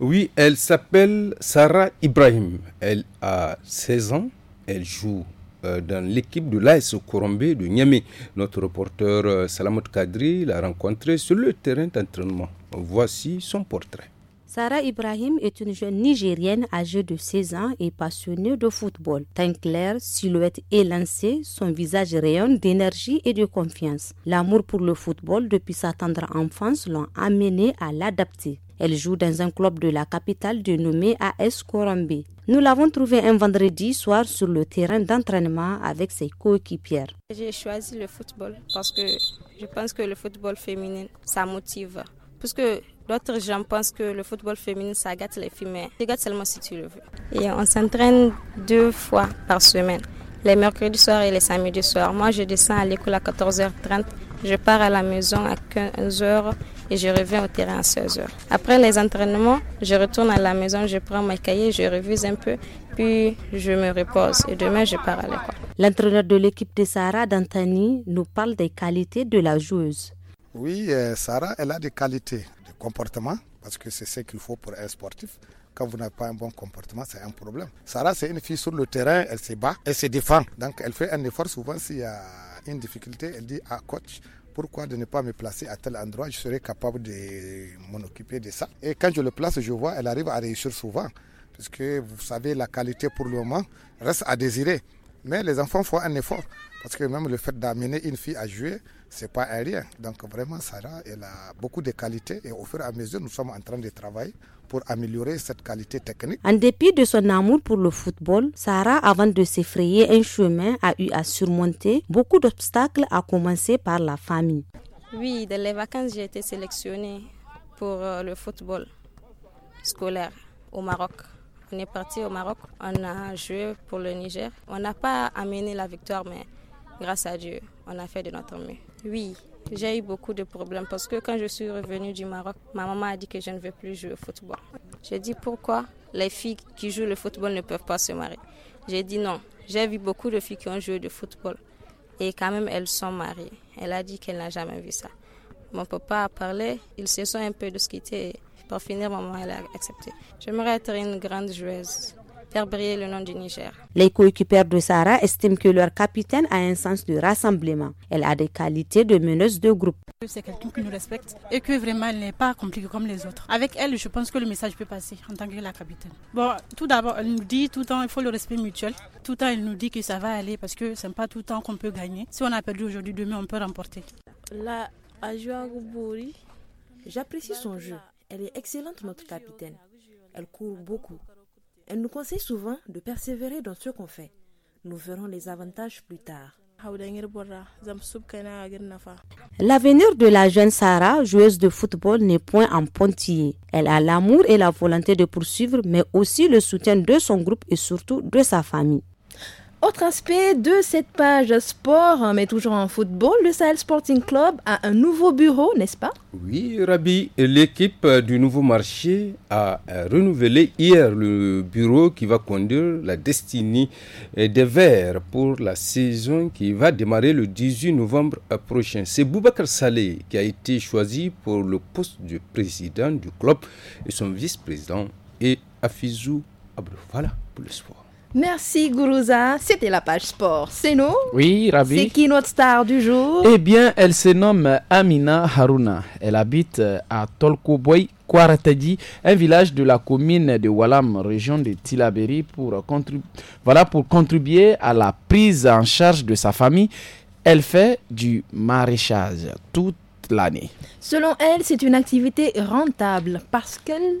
Oui, elle s'appelle Sarah Ibrahim. Elle a 16 ans, elle joue euh, dans l'équipe de l'AS Corombe de Niamey. Notre reporter euh, Salamot Kadri l'a rencontrée sur le terrain d'entraînement. Voici son portrait. Sarah Ibrahim est une jeune Nigérienne âgée de 16 ans et passionnée de football. Teint clair, silhouette élancée, son visage rayonne d'énergie et de confiance. L'amour pour le football depuis sa tendre enfance l'ont amenée à l'adapter. Elle joue dans un club de la capitale dénommé AS Korambe. Nous l'avons trouvée un vendredi soir sur le terrain d'entraînement avec ses coéquipières. J'ai choisi le football parce que je pense que le football féminin, ça motive. Parce que d'autres gens pensent que le football féminin, ça gâte les filles, mais ça gâte seulement si tu le veux. Et on s'entraîne deux fois par semaine, les mercredis soir et les samedis soir. Moi, je descends à l'école à 14h30, je pars à la maison à 15h et je reviens au terrain à 16h. Après les entraînements, je retourne à la maison, je prends mes cahiers, je révise un peu, puis je me repose et demain je pars à l'école. L'entraîneur de l'équipe de Sahara, Dantani, nous parle des qualités de la joueuse. Oui, euh, Sarah, elle a des qualités de comportement, parce que c'est ce qu'il faut pour un sportif. Quand vous n'avez pas un bon comportement, c'est un problème. Sarah, c'est une fille sur le terrain, elle se bat, elle se défend. Donc, elle fait un effort. Souvent, s'il y a une difficulté, elle dit à coach, pourquoi de ne pas me placer à tel endroit Je serais capable de m'en occuper de ça. Et quand je le place, je vois, elle arrive à réussir souvent. Parce que vous savez, la qualité pour le moment reste à désirer. Mais les enfants font un effort. Parce que même le fait d'amener une fille à jouer, c'est pas un rien, Donc vraiment, Sarah, elle a beaucoup de qualités et au fur et à mesure, nous sommes en train de travailler pour améliorer cette qualité technique. En dépit de son amour pour le football, Sarah, avant de s'effrayer un chemin, a eu à surmonter beaucoup d'obstacles, à commencer par la famille. Oui, dans les vacances, j'ai été sélectionnée pour euh, le football scolaire au Maroc. On est parti au Maroc, on a joué pour le Niger. On n'a pas amené la victoire, mais grâce à Dieu, on a fait de notre mieux. Oui, j'ai eu beaucoup de problèmes parce que quand je suis revenue du Maroc, ma maman a dit que je ne veux plus jouer au football. J'ai dit pourquoi les filles qui jouent le football ne peuvent pas se marier. J'ai dit non. J'ai vu beaucoup de filles qui ont joué de football et quand même elles sont mariées. Elle a dit qu'elle n'a jamais vu ça. Mon papa a parlé, ils se sont un peu discutés et pour finir, maman elle a accepté. J'aimerais être une grande joueuse briller le nom du Niger. Les coéquipères de Sarah estiment que leur capitaine a un sens de rassemblement. Elle a des qualités de meneuse de groupe. C'est quelqu'un qui nous respecte et que vraiment elle n'est pas compliquée comme les autres. Avec elle, je pense que le message peut passer en tant que la capitaine. Bon, tout d'abord, elle nous dit tout le temps, il faut le respect mutuel. Tout le temps, elle nous dit que ça va aller parce que c'est pas tout le temps qu'on peut gagner. Si on a perdu aujourd'hui, demain, on peut remporter. La j'apprécie son jeu. Elle est excellente, notre capitaine. Elle court beaucoup. Elle nous conseille souvent de persévérer dans ce qu'on fait. Nous verrons les avantages plus tard. L'avenir de la jeune Sarah, joueuse de football, n'est point en pontillé. Elle a l'amour et la volonté de poursuivre, mais aussi le soutien de son groupe et surtout de sa famille. Autre aspect de cette page sport, hein, mais toujours en football, le Sahel Sporting Club a un nouveau bureau, n'est-ce pas Oui, Rabi, l'équipe du nouveau marché a euh, renouvelé hier le bureau qui va conduire la destinée des Verts pour la saison qui va démarrer le 18 novembre euh, prochain. C'est Boubacar Saleh qui a été choisi pour le poste de président du club et son vice-président est Afizou Abdou. Voilà pour le sport. Merci Gourouza, c'était la page sport. C'est nous Oui, ravi. C'est qui notre star du jour Eh bien, elle se nomme Amina Haruna. Elle habite euh, à Tolkoboy, Kwaratadi, un village de la commune de Walam, région de Tilaberi, pour, voilà, pour contribuer à la prise en charge de sa famille. Elle fait du maraîchage toute l'année. Selon elle, c'est une activité rentable parce qu'elle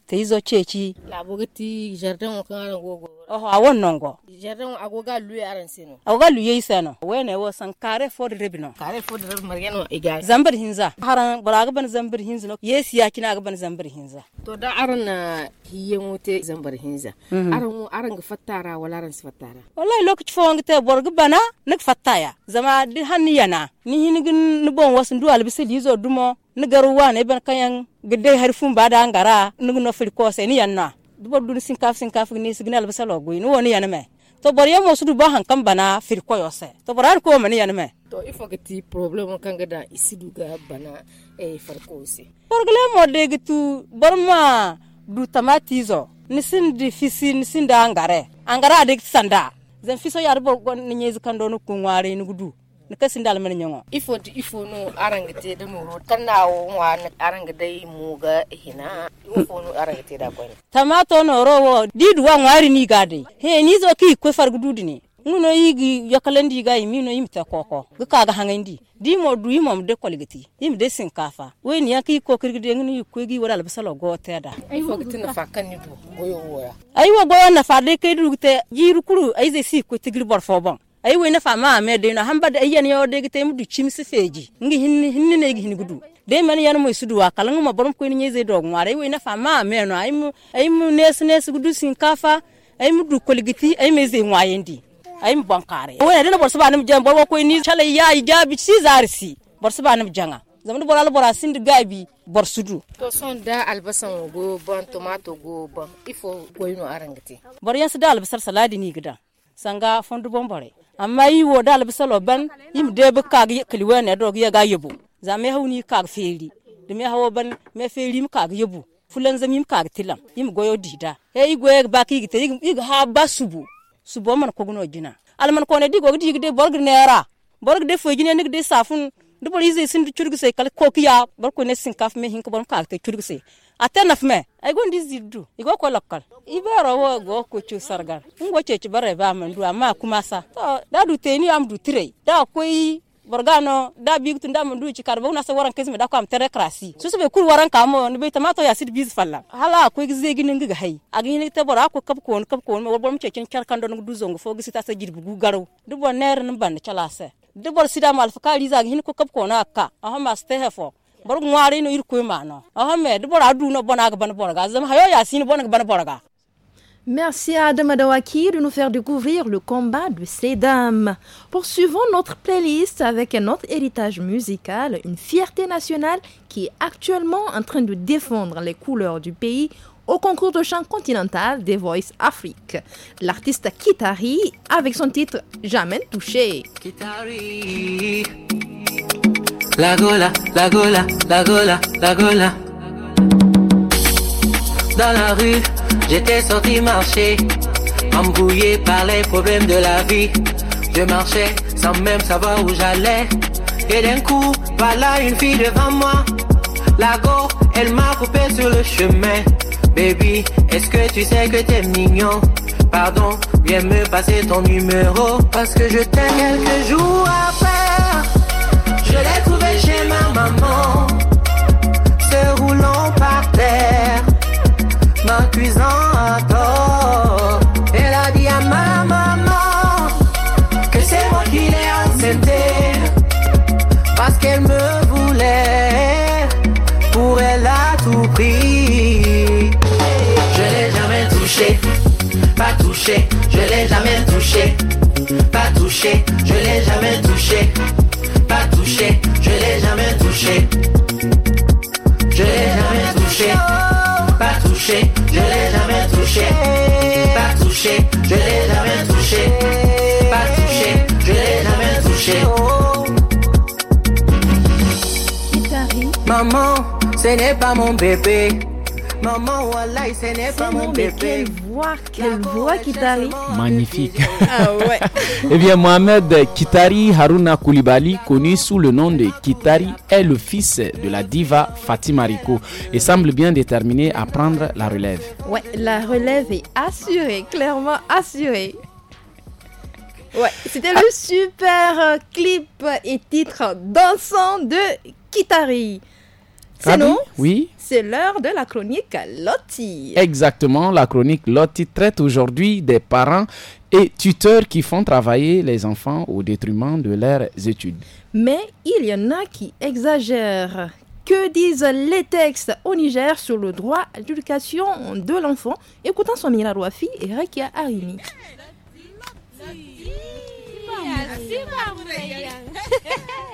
ta yi zoce ci labogati jardin o kan gogo oho a wannan go jardin agoga luye aran seno agoga luye isano ne wo san kare ford rebino kare ford rebino margano iga zambar hinza haran baraga ban zambar hinza no yes ya kina ga ban zambar hinza to da aran na hiyen wote zambar hinza aran mu aran ga fattara wala aran su fattara wallahi lokaci fo te borga bana nik fattaya zama di hanni yana ni hinigin ni wasu ndu albisi lizo dumo ni garuwa ne ban kayan gede harifun bada angara nugu no firko se ni yanna dubo dun sin kaf sin kaf ni signal ba salo gui ni woni yanme to bor ya mo sudu ba han kam bana firko yo yose to bor har ya ko yanme to ifo geti ti problem kan gada isidu ga bana e far kose problème mo de gitu bor du tamatizo ni sin difisi ni sin da ngare angara de sanda zan fiso yar bo gon ni nyezu kan do kunware ni gudu ni ka sin dalmani nyongo ifo di ifo no arangete de muro tanna wo wa aranga dai muga hina ifo no arangete da kwani tamato no ro wo didu wa ngari ni gade he ni zo ki ko far dudu ni nuno yigi yakalandi ga imi no imta koko ga kaga hangandi di mo du imam de kolgiti im de sin kafa we ni yaki ko ngi ngini gi wala basalo go teda ai wo gitina fakan ni do goyo wora ai wo goyo na de ke dugte jiru kuru ai ze si ko tigri bor fo bon ay wena fa ma me de no hamba de yen yo de gite mu du chimsi feji ngi hinni hinni ne gi hinni gudu de man yan moy sudu wa kalang mo borom ko ni nyeze do ngwar ay wena fa ma me no ay mu ay mu nes nes gudu sin kafa ay mu du kolgiti ay me ze ngwayendi ay mu bankare wena de no borso banam jam borbo ko ni chala ya jabi si zarsi borso banam janga zamani bora la bora sindi gabi bor sudu to son da albasan go bon tomato go bon ifo ko yino arangati bor yan da albasar saladi ni gida sanga fondu bombare amma yi wo dal bisalo ban yim de bi kag ye kliwen ne dog ye ga yebu za me hawni kag feri de me hawo ban me feri mi kag yebu fulan zam yim kag tilam yim goyo dida he i goyo ba ki gite i ha ba subu subo man ko gno jina al man ko ne digo digi de borg nera borg de foji ne de safun de bor ize sin de churgu se kal ko kiya bor ko ne sin kaf me hin ko bor kag te churgu se atena fme aigondi ziddu igo ko lokal ibero wo go ko chu sargar ngo che bare ba mandu ama kumasa to dadu teni am du tirei da koi borgano da bigtu da mandu ci karbo na sa waran kesme da ko am tere krasi susu be kur waran kamo ni be tamato ya sid biz falla hala ko gize ginin giga hay agin ni te bora ko kap ko on kap ko on wor bom che chen char kando ngu duzongo fo gisi ta sa jirbu gu garo du bon ner nan ban chalase du bor sidam alfakari zagi hin ko kap ko na ka ahma stehefo Merci à Adam de nous faire découvrir le combat de ces dames. Poursuivons notre playlist avec un autre héritage musical, une fierté nationale qui est actuellement en train de défendre les couleurs du pays au concours de chant continental des Voice Afrique. L'artiste Kitari avec son titre Jamais touché la gola, la gola, la gola, la gola. Dans la rue, j'étais sorti marcher, embrouillé par les problèmes de la vie. Je marchais sans même savoir où j'allais. Et d'un coup, voilà une fille devant moi. La gola, elle m'a coupé sur le chemin. Baby, est-ce que tu sais que t'es mignon? Pardon, viens me passer ton numéro. Parce que je t'aime quelques jours après. Je l'ai ce n'est pas mon bébé. Maman, ce n'est pas mon bébé. Quelle voix, quelle voix, Kitari. Magnifique. Ah eh bien, Mohamed Kitari Haruna Koulibaly, connu sous le nom de Kitari, est le fils de la diva Fatima Rico et semble bien déterminé à prendre la relève. Ouais, la relève est assurée, clairement assurée. Ouais, c'était le ah. super clip et titre dansant de Kitari. Ah C'est Oui. C'est l'heure de la chronique Lotti. Exactement, la chronique Lotti traite aujourd'hui des parents et tuteurs qui font travailler les enfants au détriment de leurs études. Mais il y en a qui exagèrent. Que disent les textes au Niger sur le droit à l'éducation de l'enfant Écoutons la Rouafi et Rekia Arimi.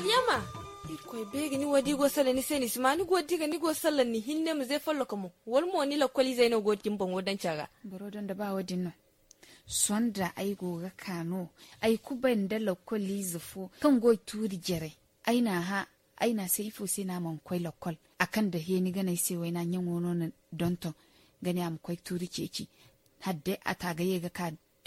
maryama koy begi ni wadi go sala ni seni sima ni go diga ni go sala ni hinne mu zai fallo kamo wal mo ni la kwali zai no go timbon wodan caga borodon da ba wadi no sonda ai go ga kano ai ban da la kwali zufo kan go turi jere ai na ha ai na sai ifo sai na man kwai la kol. akan da he ni ganai sai wai na nyen wono na to. gani am kwai turi ceci hadde a tagaye ga ka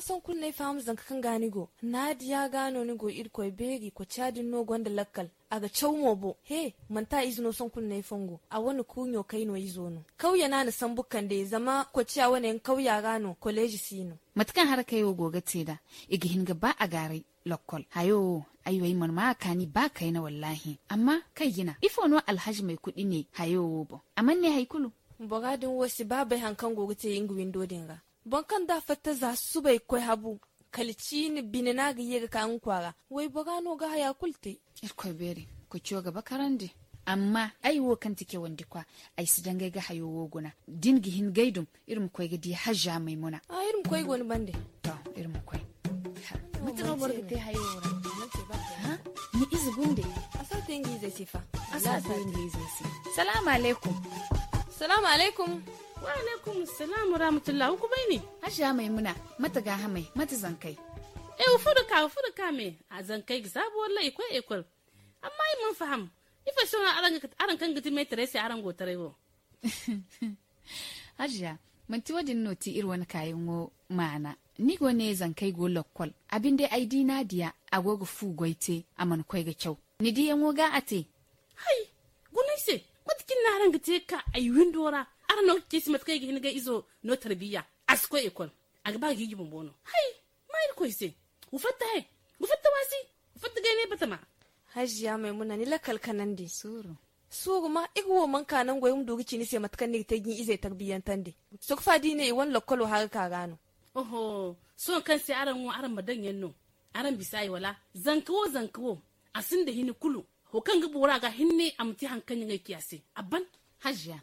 son kunne famu zanka kan gani go nadiya gano ni go ir koy begi ko chadin no gonda lakkal aga chawmo bo he manta izno son kunne fango a wani kunyo kaino izono kauya na san bukkan da zama ko ciya wani kauya gano college sino matkan har kai goga teda igihin ga ba a gare lokkol hayo aiwai man ma kani ba kai na wallahi amma kai gina ifo no alhaji mai kudi ne hayo bo amma ne haikulu bogadin wasu babai hankan gogote yin gwindo dinga bankan da fata za su bai kai habu kalcini na ga yega kan kwara wai gano ga haya kulte irko beri ku ciyo gaba karande amma ai wo kan tike wandi kwa ai su dangai ga hayo woguna din hin gaidum irin koi ga di hajja maimuna a ah, irin koi goni bande to irin koi mutum bar ga te hayo wora ni izu gunde asa tengi zai sifa asa tengi zai sifa salamu alaikum salamu alaikum Wa alaikum salam wa rahmatullahi ku bai ne. Hajiya Maimuna mata ga hamai mata zankai. Eh furuka furuka me a zankai ki sabuwar lai ko ekol. Eh, Amma yi mun faham. Ifa suna aran kan gidi mai tarese aran go tarewo. hasha mun ti wadin noti wani kayan wo mana Ni go ne zankai go lokkol abin dai ID na diya agogo fu goite aman kwai ga kyau. Ni diyan wo ga ate. Hai, gunai se, matakin na aran gidi ka ayi windora. har no kismet kai gi hinga izo no tarbiya asko ekol agba yi gi bombono hay mai ko ise u fatta he u fatta wasi u fatta gane batama hajiya maimuna ni la kalkanan de suru sugu ma igwo man kanan goyum dogi ni se matkan ne tagin ize tarbiyan tande sok fadi ne wani lokkolo har ka gano oho so kan se aran wo aran madan yanno aran bisai wala zankawo zankawo asin da hini kulu ho kan ga bora ga hinne amti hankan yin kiyase abban hajiya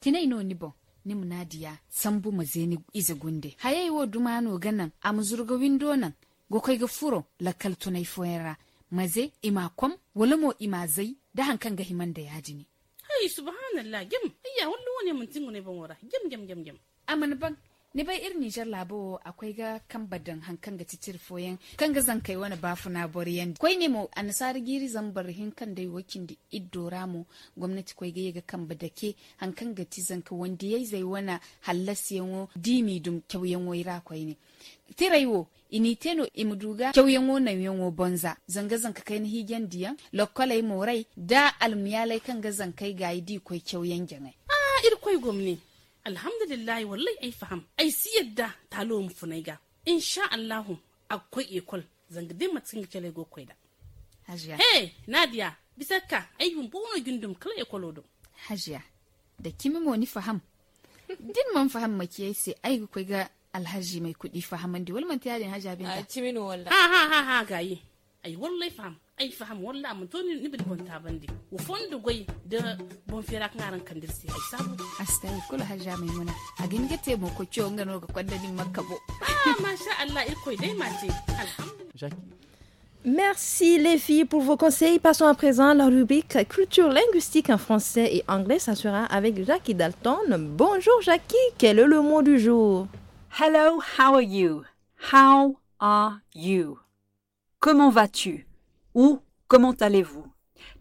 tinai no ni bon ni nadiya sambu ma zeni ize gunde hayai wo dumano ganan amzurga windo nan go kai ga furo lakal tunai foyara maze ima kwam wala mo ima zai da hankan ga himan da yaji ne hai subhanallah gem ayya wallo ne mun tingune ban wara gem gem gem gem aman ban ni bai irin nijar labo akwai ga kambadan hankan ga titir foyen kan ga zan kai wani bafu na boriyan kwai ne mu a nasar giri zan bar hinkan da wakin da iddora mu gwamnati kwai ga ga kan badake hankan ga ti ka wanda yayi zai wana hallas yanwo dimi dum kyauyen waira kwai ne tiraiwo ini teno imuduga kyauyen wo na yanwo bonza zanga zanka kai ni higen diyan lokkolai morai da almiyalai kan ga zan kai ga idi kwai kyauyen jangai ah ir gwamnati alhamdulillahi wallai ai faham ai si yadda talo mu funaiga insha allahu akwai ekol zanga dai matsin kele go koida hajiya hey nadia bisakka ai bun bono gundum kala ekol hajiya da kimi mo ni faham din man faham makiyai sai ai ko ga alhaji mai kudi fahaman di walman tiyadin hajiya binta a cimino wallahi ha ha ha ha gayi ai wallai faham ay faham walla mun to ni bil bonta bandi wo fondo goy da bon fera ngaran kandir si ay sabu astai kula haja mai muna a ginga mo ko ciyo ngano ga kwaddani makabo ah masha Allah irkoi dai mace alhamdulillah Merci les filles pour vos conseils. Passons à présent à la rubrique culture linguistique en français et anglais. Ça sera avec Jackie Dalton. Bonjour Jackie, quel est le mot du jour Hello, how are you How are you Comment vas-tu ou comment allez-vous?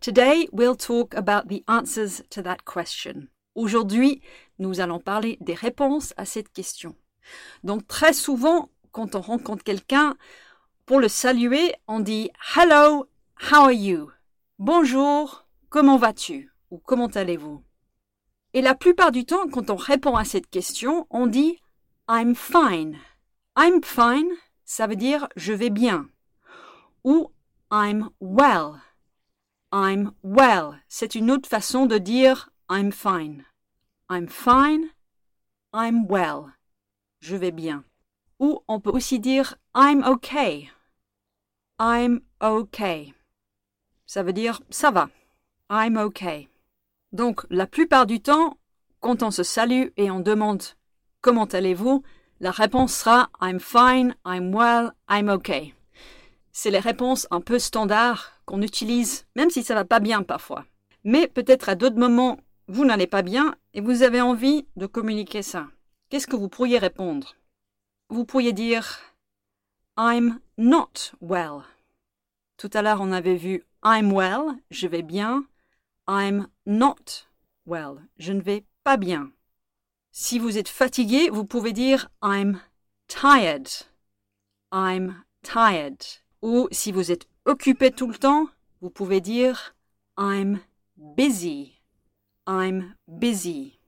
Today we'll talk about the answers to that question. Aujourd'hui, nous allons parler des réponses à cette question. Donc très souvent, quand on rencontre quelqu'un, pour le saluer, on dit Hello, how are you? Bonjour, comment vas-tu? Ou comment allez-vous? Et la plupart du temps, quand on répond à cette question, on dit I'm fine. I'm fine, ça veut dire je vais bien. Ou I'm well. I'm well. C'est une autre façon de dire I'm fine. I'm fine. I'm well. Je vais bien. Ou on peut aussi dire I'm okay. I'm okay. Ça veut dire ça va. I'm okay. Donc la plupart du temps, quand on se salue et on demande comment allez-vous, la réponse sera I'm fine, I'm well, I'm okay c'est les réponses un peu standards qu'on utilise, même si ça va pas bien parfois. Mais peut-être à d'autres moments, vous n'allez pas bien et vous avez envie de communiquer ça. Qu'est-ce que vous pourriez répondre Vous pourriez dire I'm not well. Tout à l'heure, on avait vu I'm well, je vais bien. I'm not well, je ne vais pas bien. Si vous êtes fatigué, vous pouvez dire I'm tired. I'm tired. Ou si vous êtes occupé tout le temps, vous pouvez dire I'm busy. I'm busy.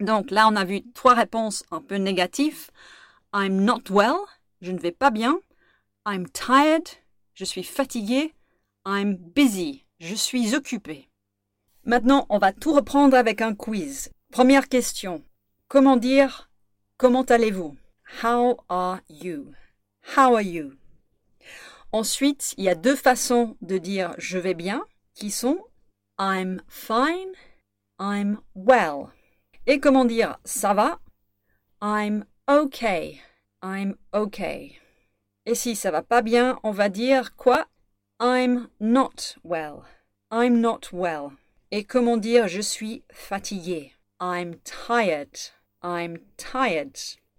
Donc là, on a vu trois réponses un peu négatives. I'm not well. Je ne vais pas bien. I'm tired. Je suis fatigué. I'm busy. Je suis occupé. Maintenant, on va tout reprendre avec un quiz. Première question. Comment dire Comment allez-vous How are you How are you Ensuite, il y a deux façons de dire je vais bien qui sont I'm fine, I'm well. Et comment dire ça va I'm okay, I'm okay. Et si ça va pas bien, on va dire quoi I'm not well, I'm not well. Et comment dire je suis fatigué I'm tired, I'm tired.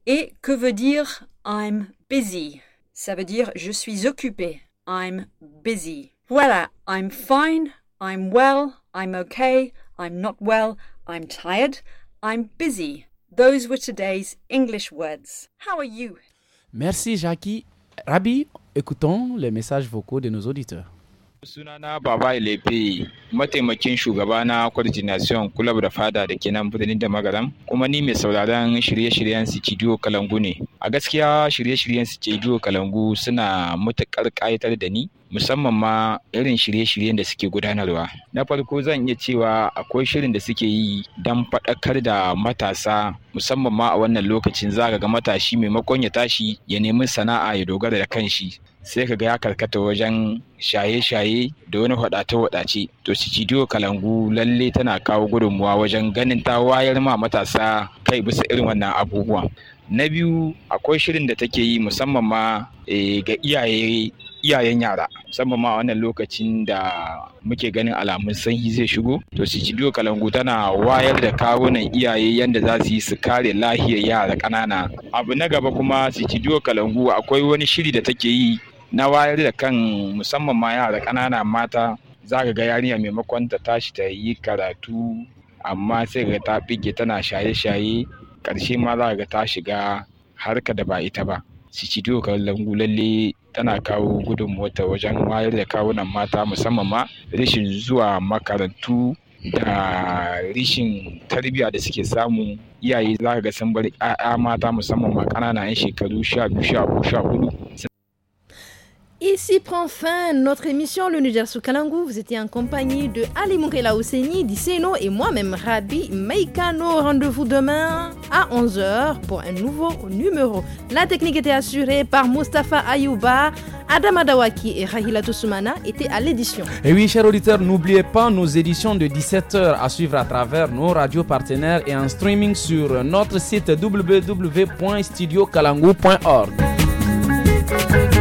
Et que veut dire I'm busy ça veut dire je suis occupé. I'm busy. Voilà, I'm fine, I'm well, I'm okay, I'm not well, I'm tired, I'm busy. Those were today's English words. How are you? Merci Jackie. Rabi, écoutons les messages vocaux de nos auditeurs. sunana baba ilefe mataimakin shugaba na coordination club da fada da ke nan birnin da magaram kuma ni mai sauraron shirye-shiryen studio kalangu ne a gaskiya shirye-shiryen studio kalangu suna matuƙar ƙayatar da ni musamman ma irin shirye-shiryen da suke gudanarwa na farko zan iya cewa akwai shirin da suke yi don faɗakar da matasa musamman ma a wannan lokacin za ga matashi maimakon ya tashi ya nemi sana'a ya dogara da kanshi sai ka ga ya karkata wajen shaye-shaye da wani waɗace-waɗace to studio kalangu lalle tana kawo gudunmuwa wajen ganin ta wayar ma matasa kai bisa irin wannan abubuwa. na biyu akwai shirin da take yi musamman ma eh, ga iyaye iyayen yara musamman ma wannan lokacin da muke ganin alamun sanyi zai shigo to studio kalangu tana wayar da kawunan iyaye yadda za su yi su kare lahiyar yara ƙanana abu na gaba kuma studio kalangu akwai wani shiri da take yi na wayar da kan musamman ma yara ƙanana mata za ga yarinya maimakon ta tashi ta yi karatu amma sai ga ta bige tana shaye-shaye ƙarshe ma za ga ta shiga harka da ba ita ba Su sicidiyo langu lalle tana kawo mota wajen wayar da kawunan mata musamman ma rashin zuwa makarantu da rishin tarbiyya da suke samu iyaye za ga sun bar 'ya'ya mata musamman ma ƙanana 'yan shekaru sha biyu sha uku sha Ici prend fin notre émission Le Niger sous Kalangu. Vous étiez en compagnie de Ali Moukela Ouseni, Disseno et moi-même Rabi Meikano. Rendez-vous demain à 11h pour un nouveau numéro. La technique était assurée par Mustafa Ayouba. Adam Adawaki et Rahila Toussoumana étaient à l'édition. Et oui, chers auditeurs, n'oubliez pas nos éditions de 17h à suivre à travers nos radios partenaires et en streaming sur notre site www.studiokalangu.org.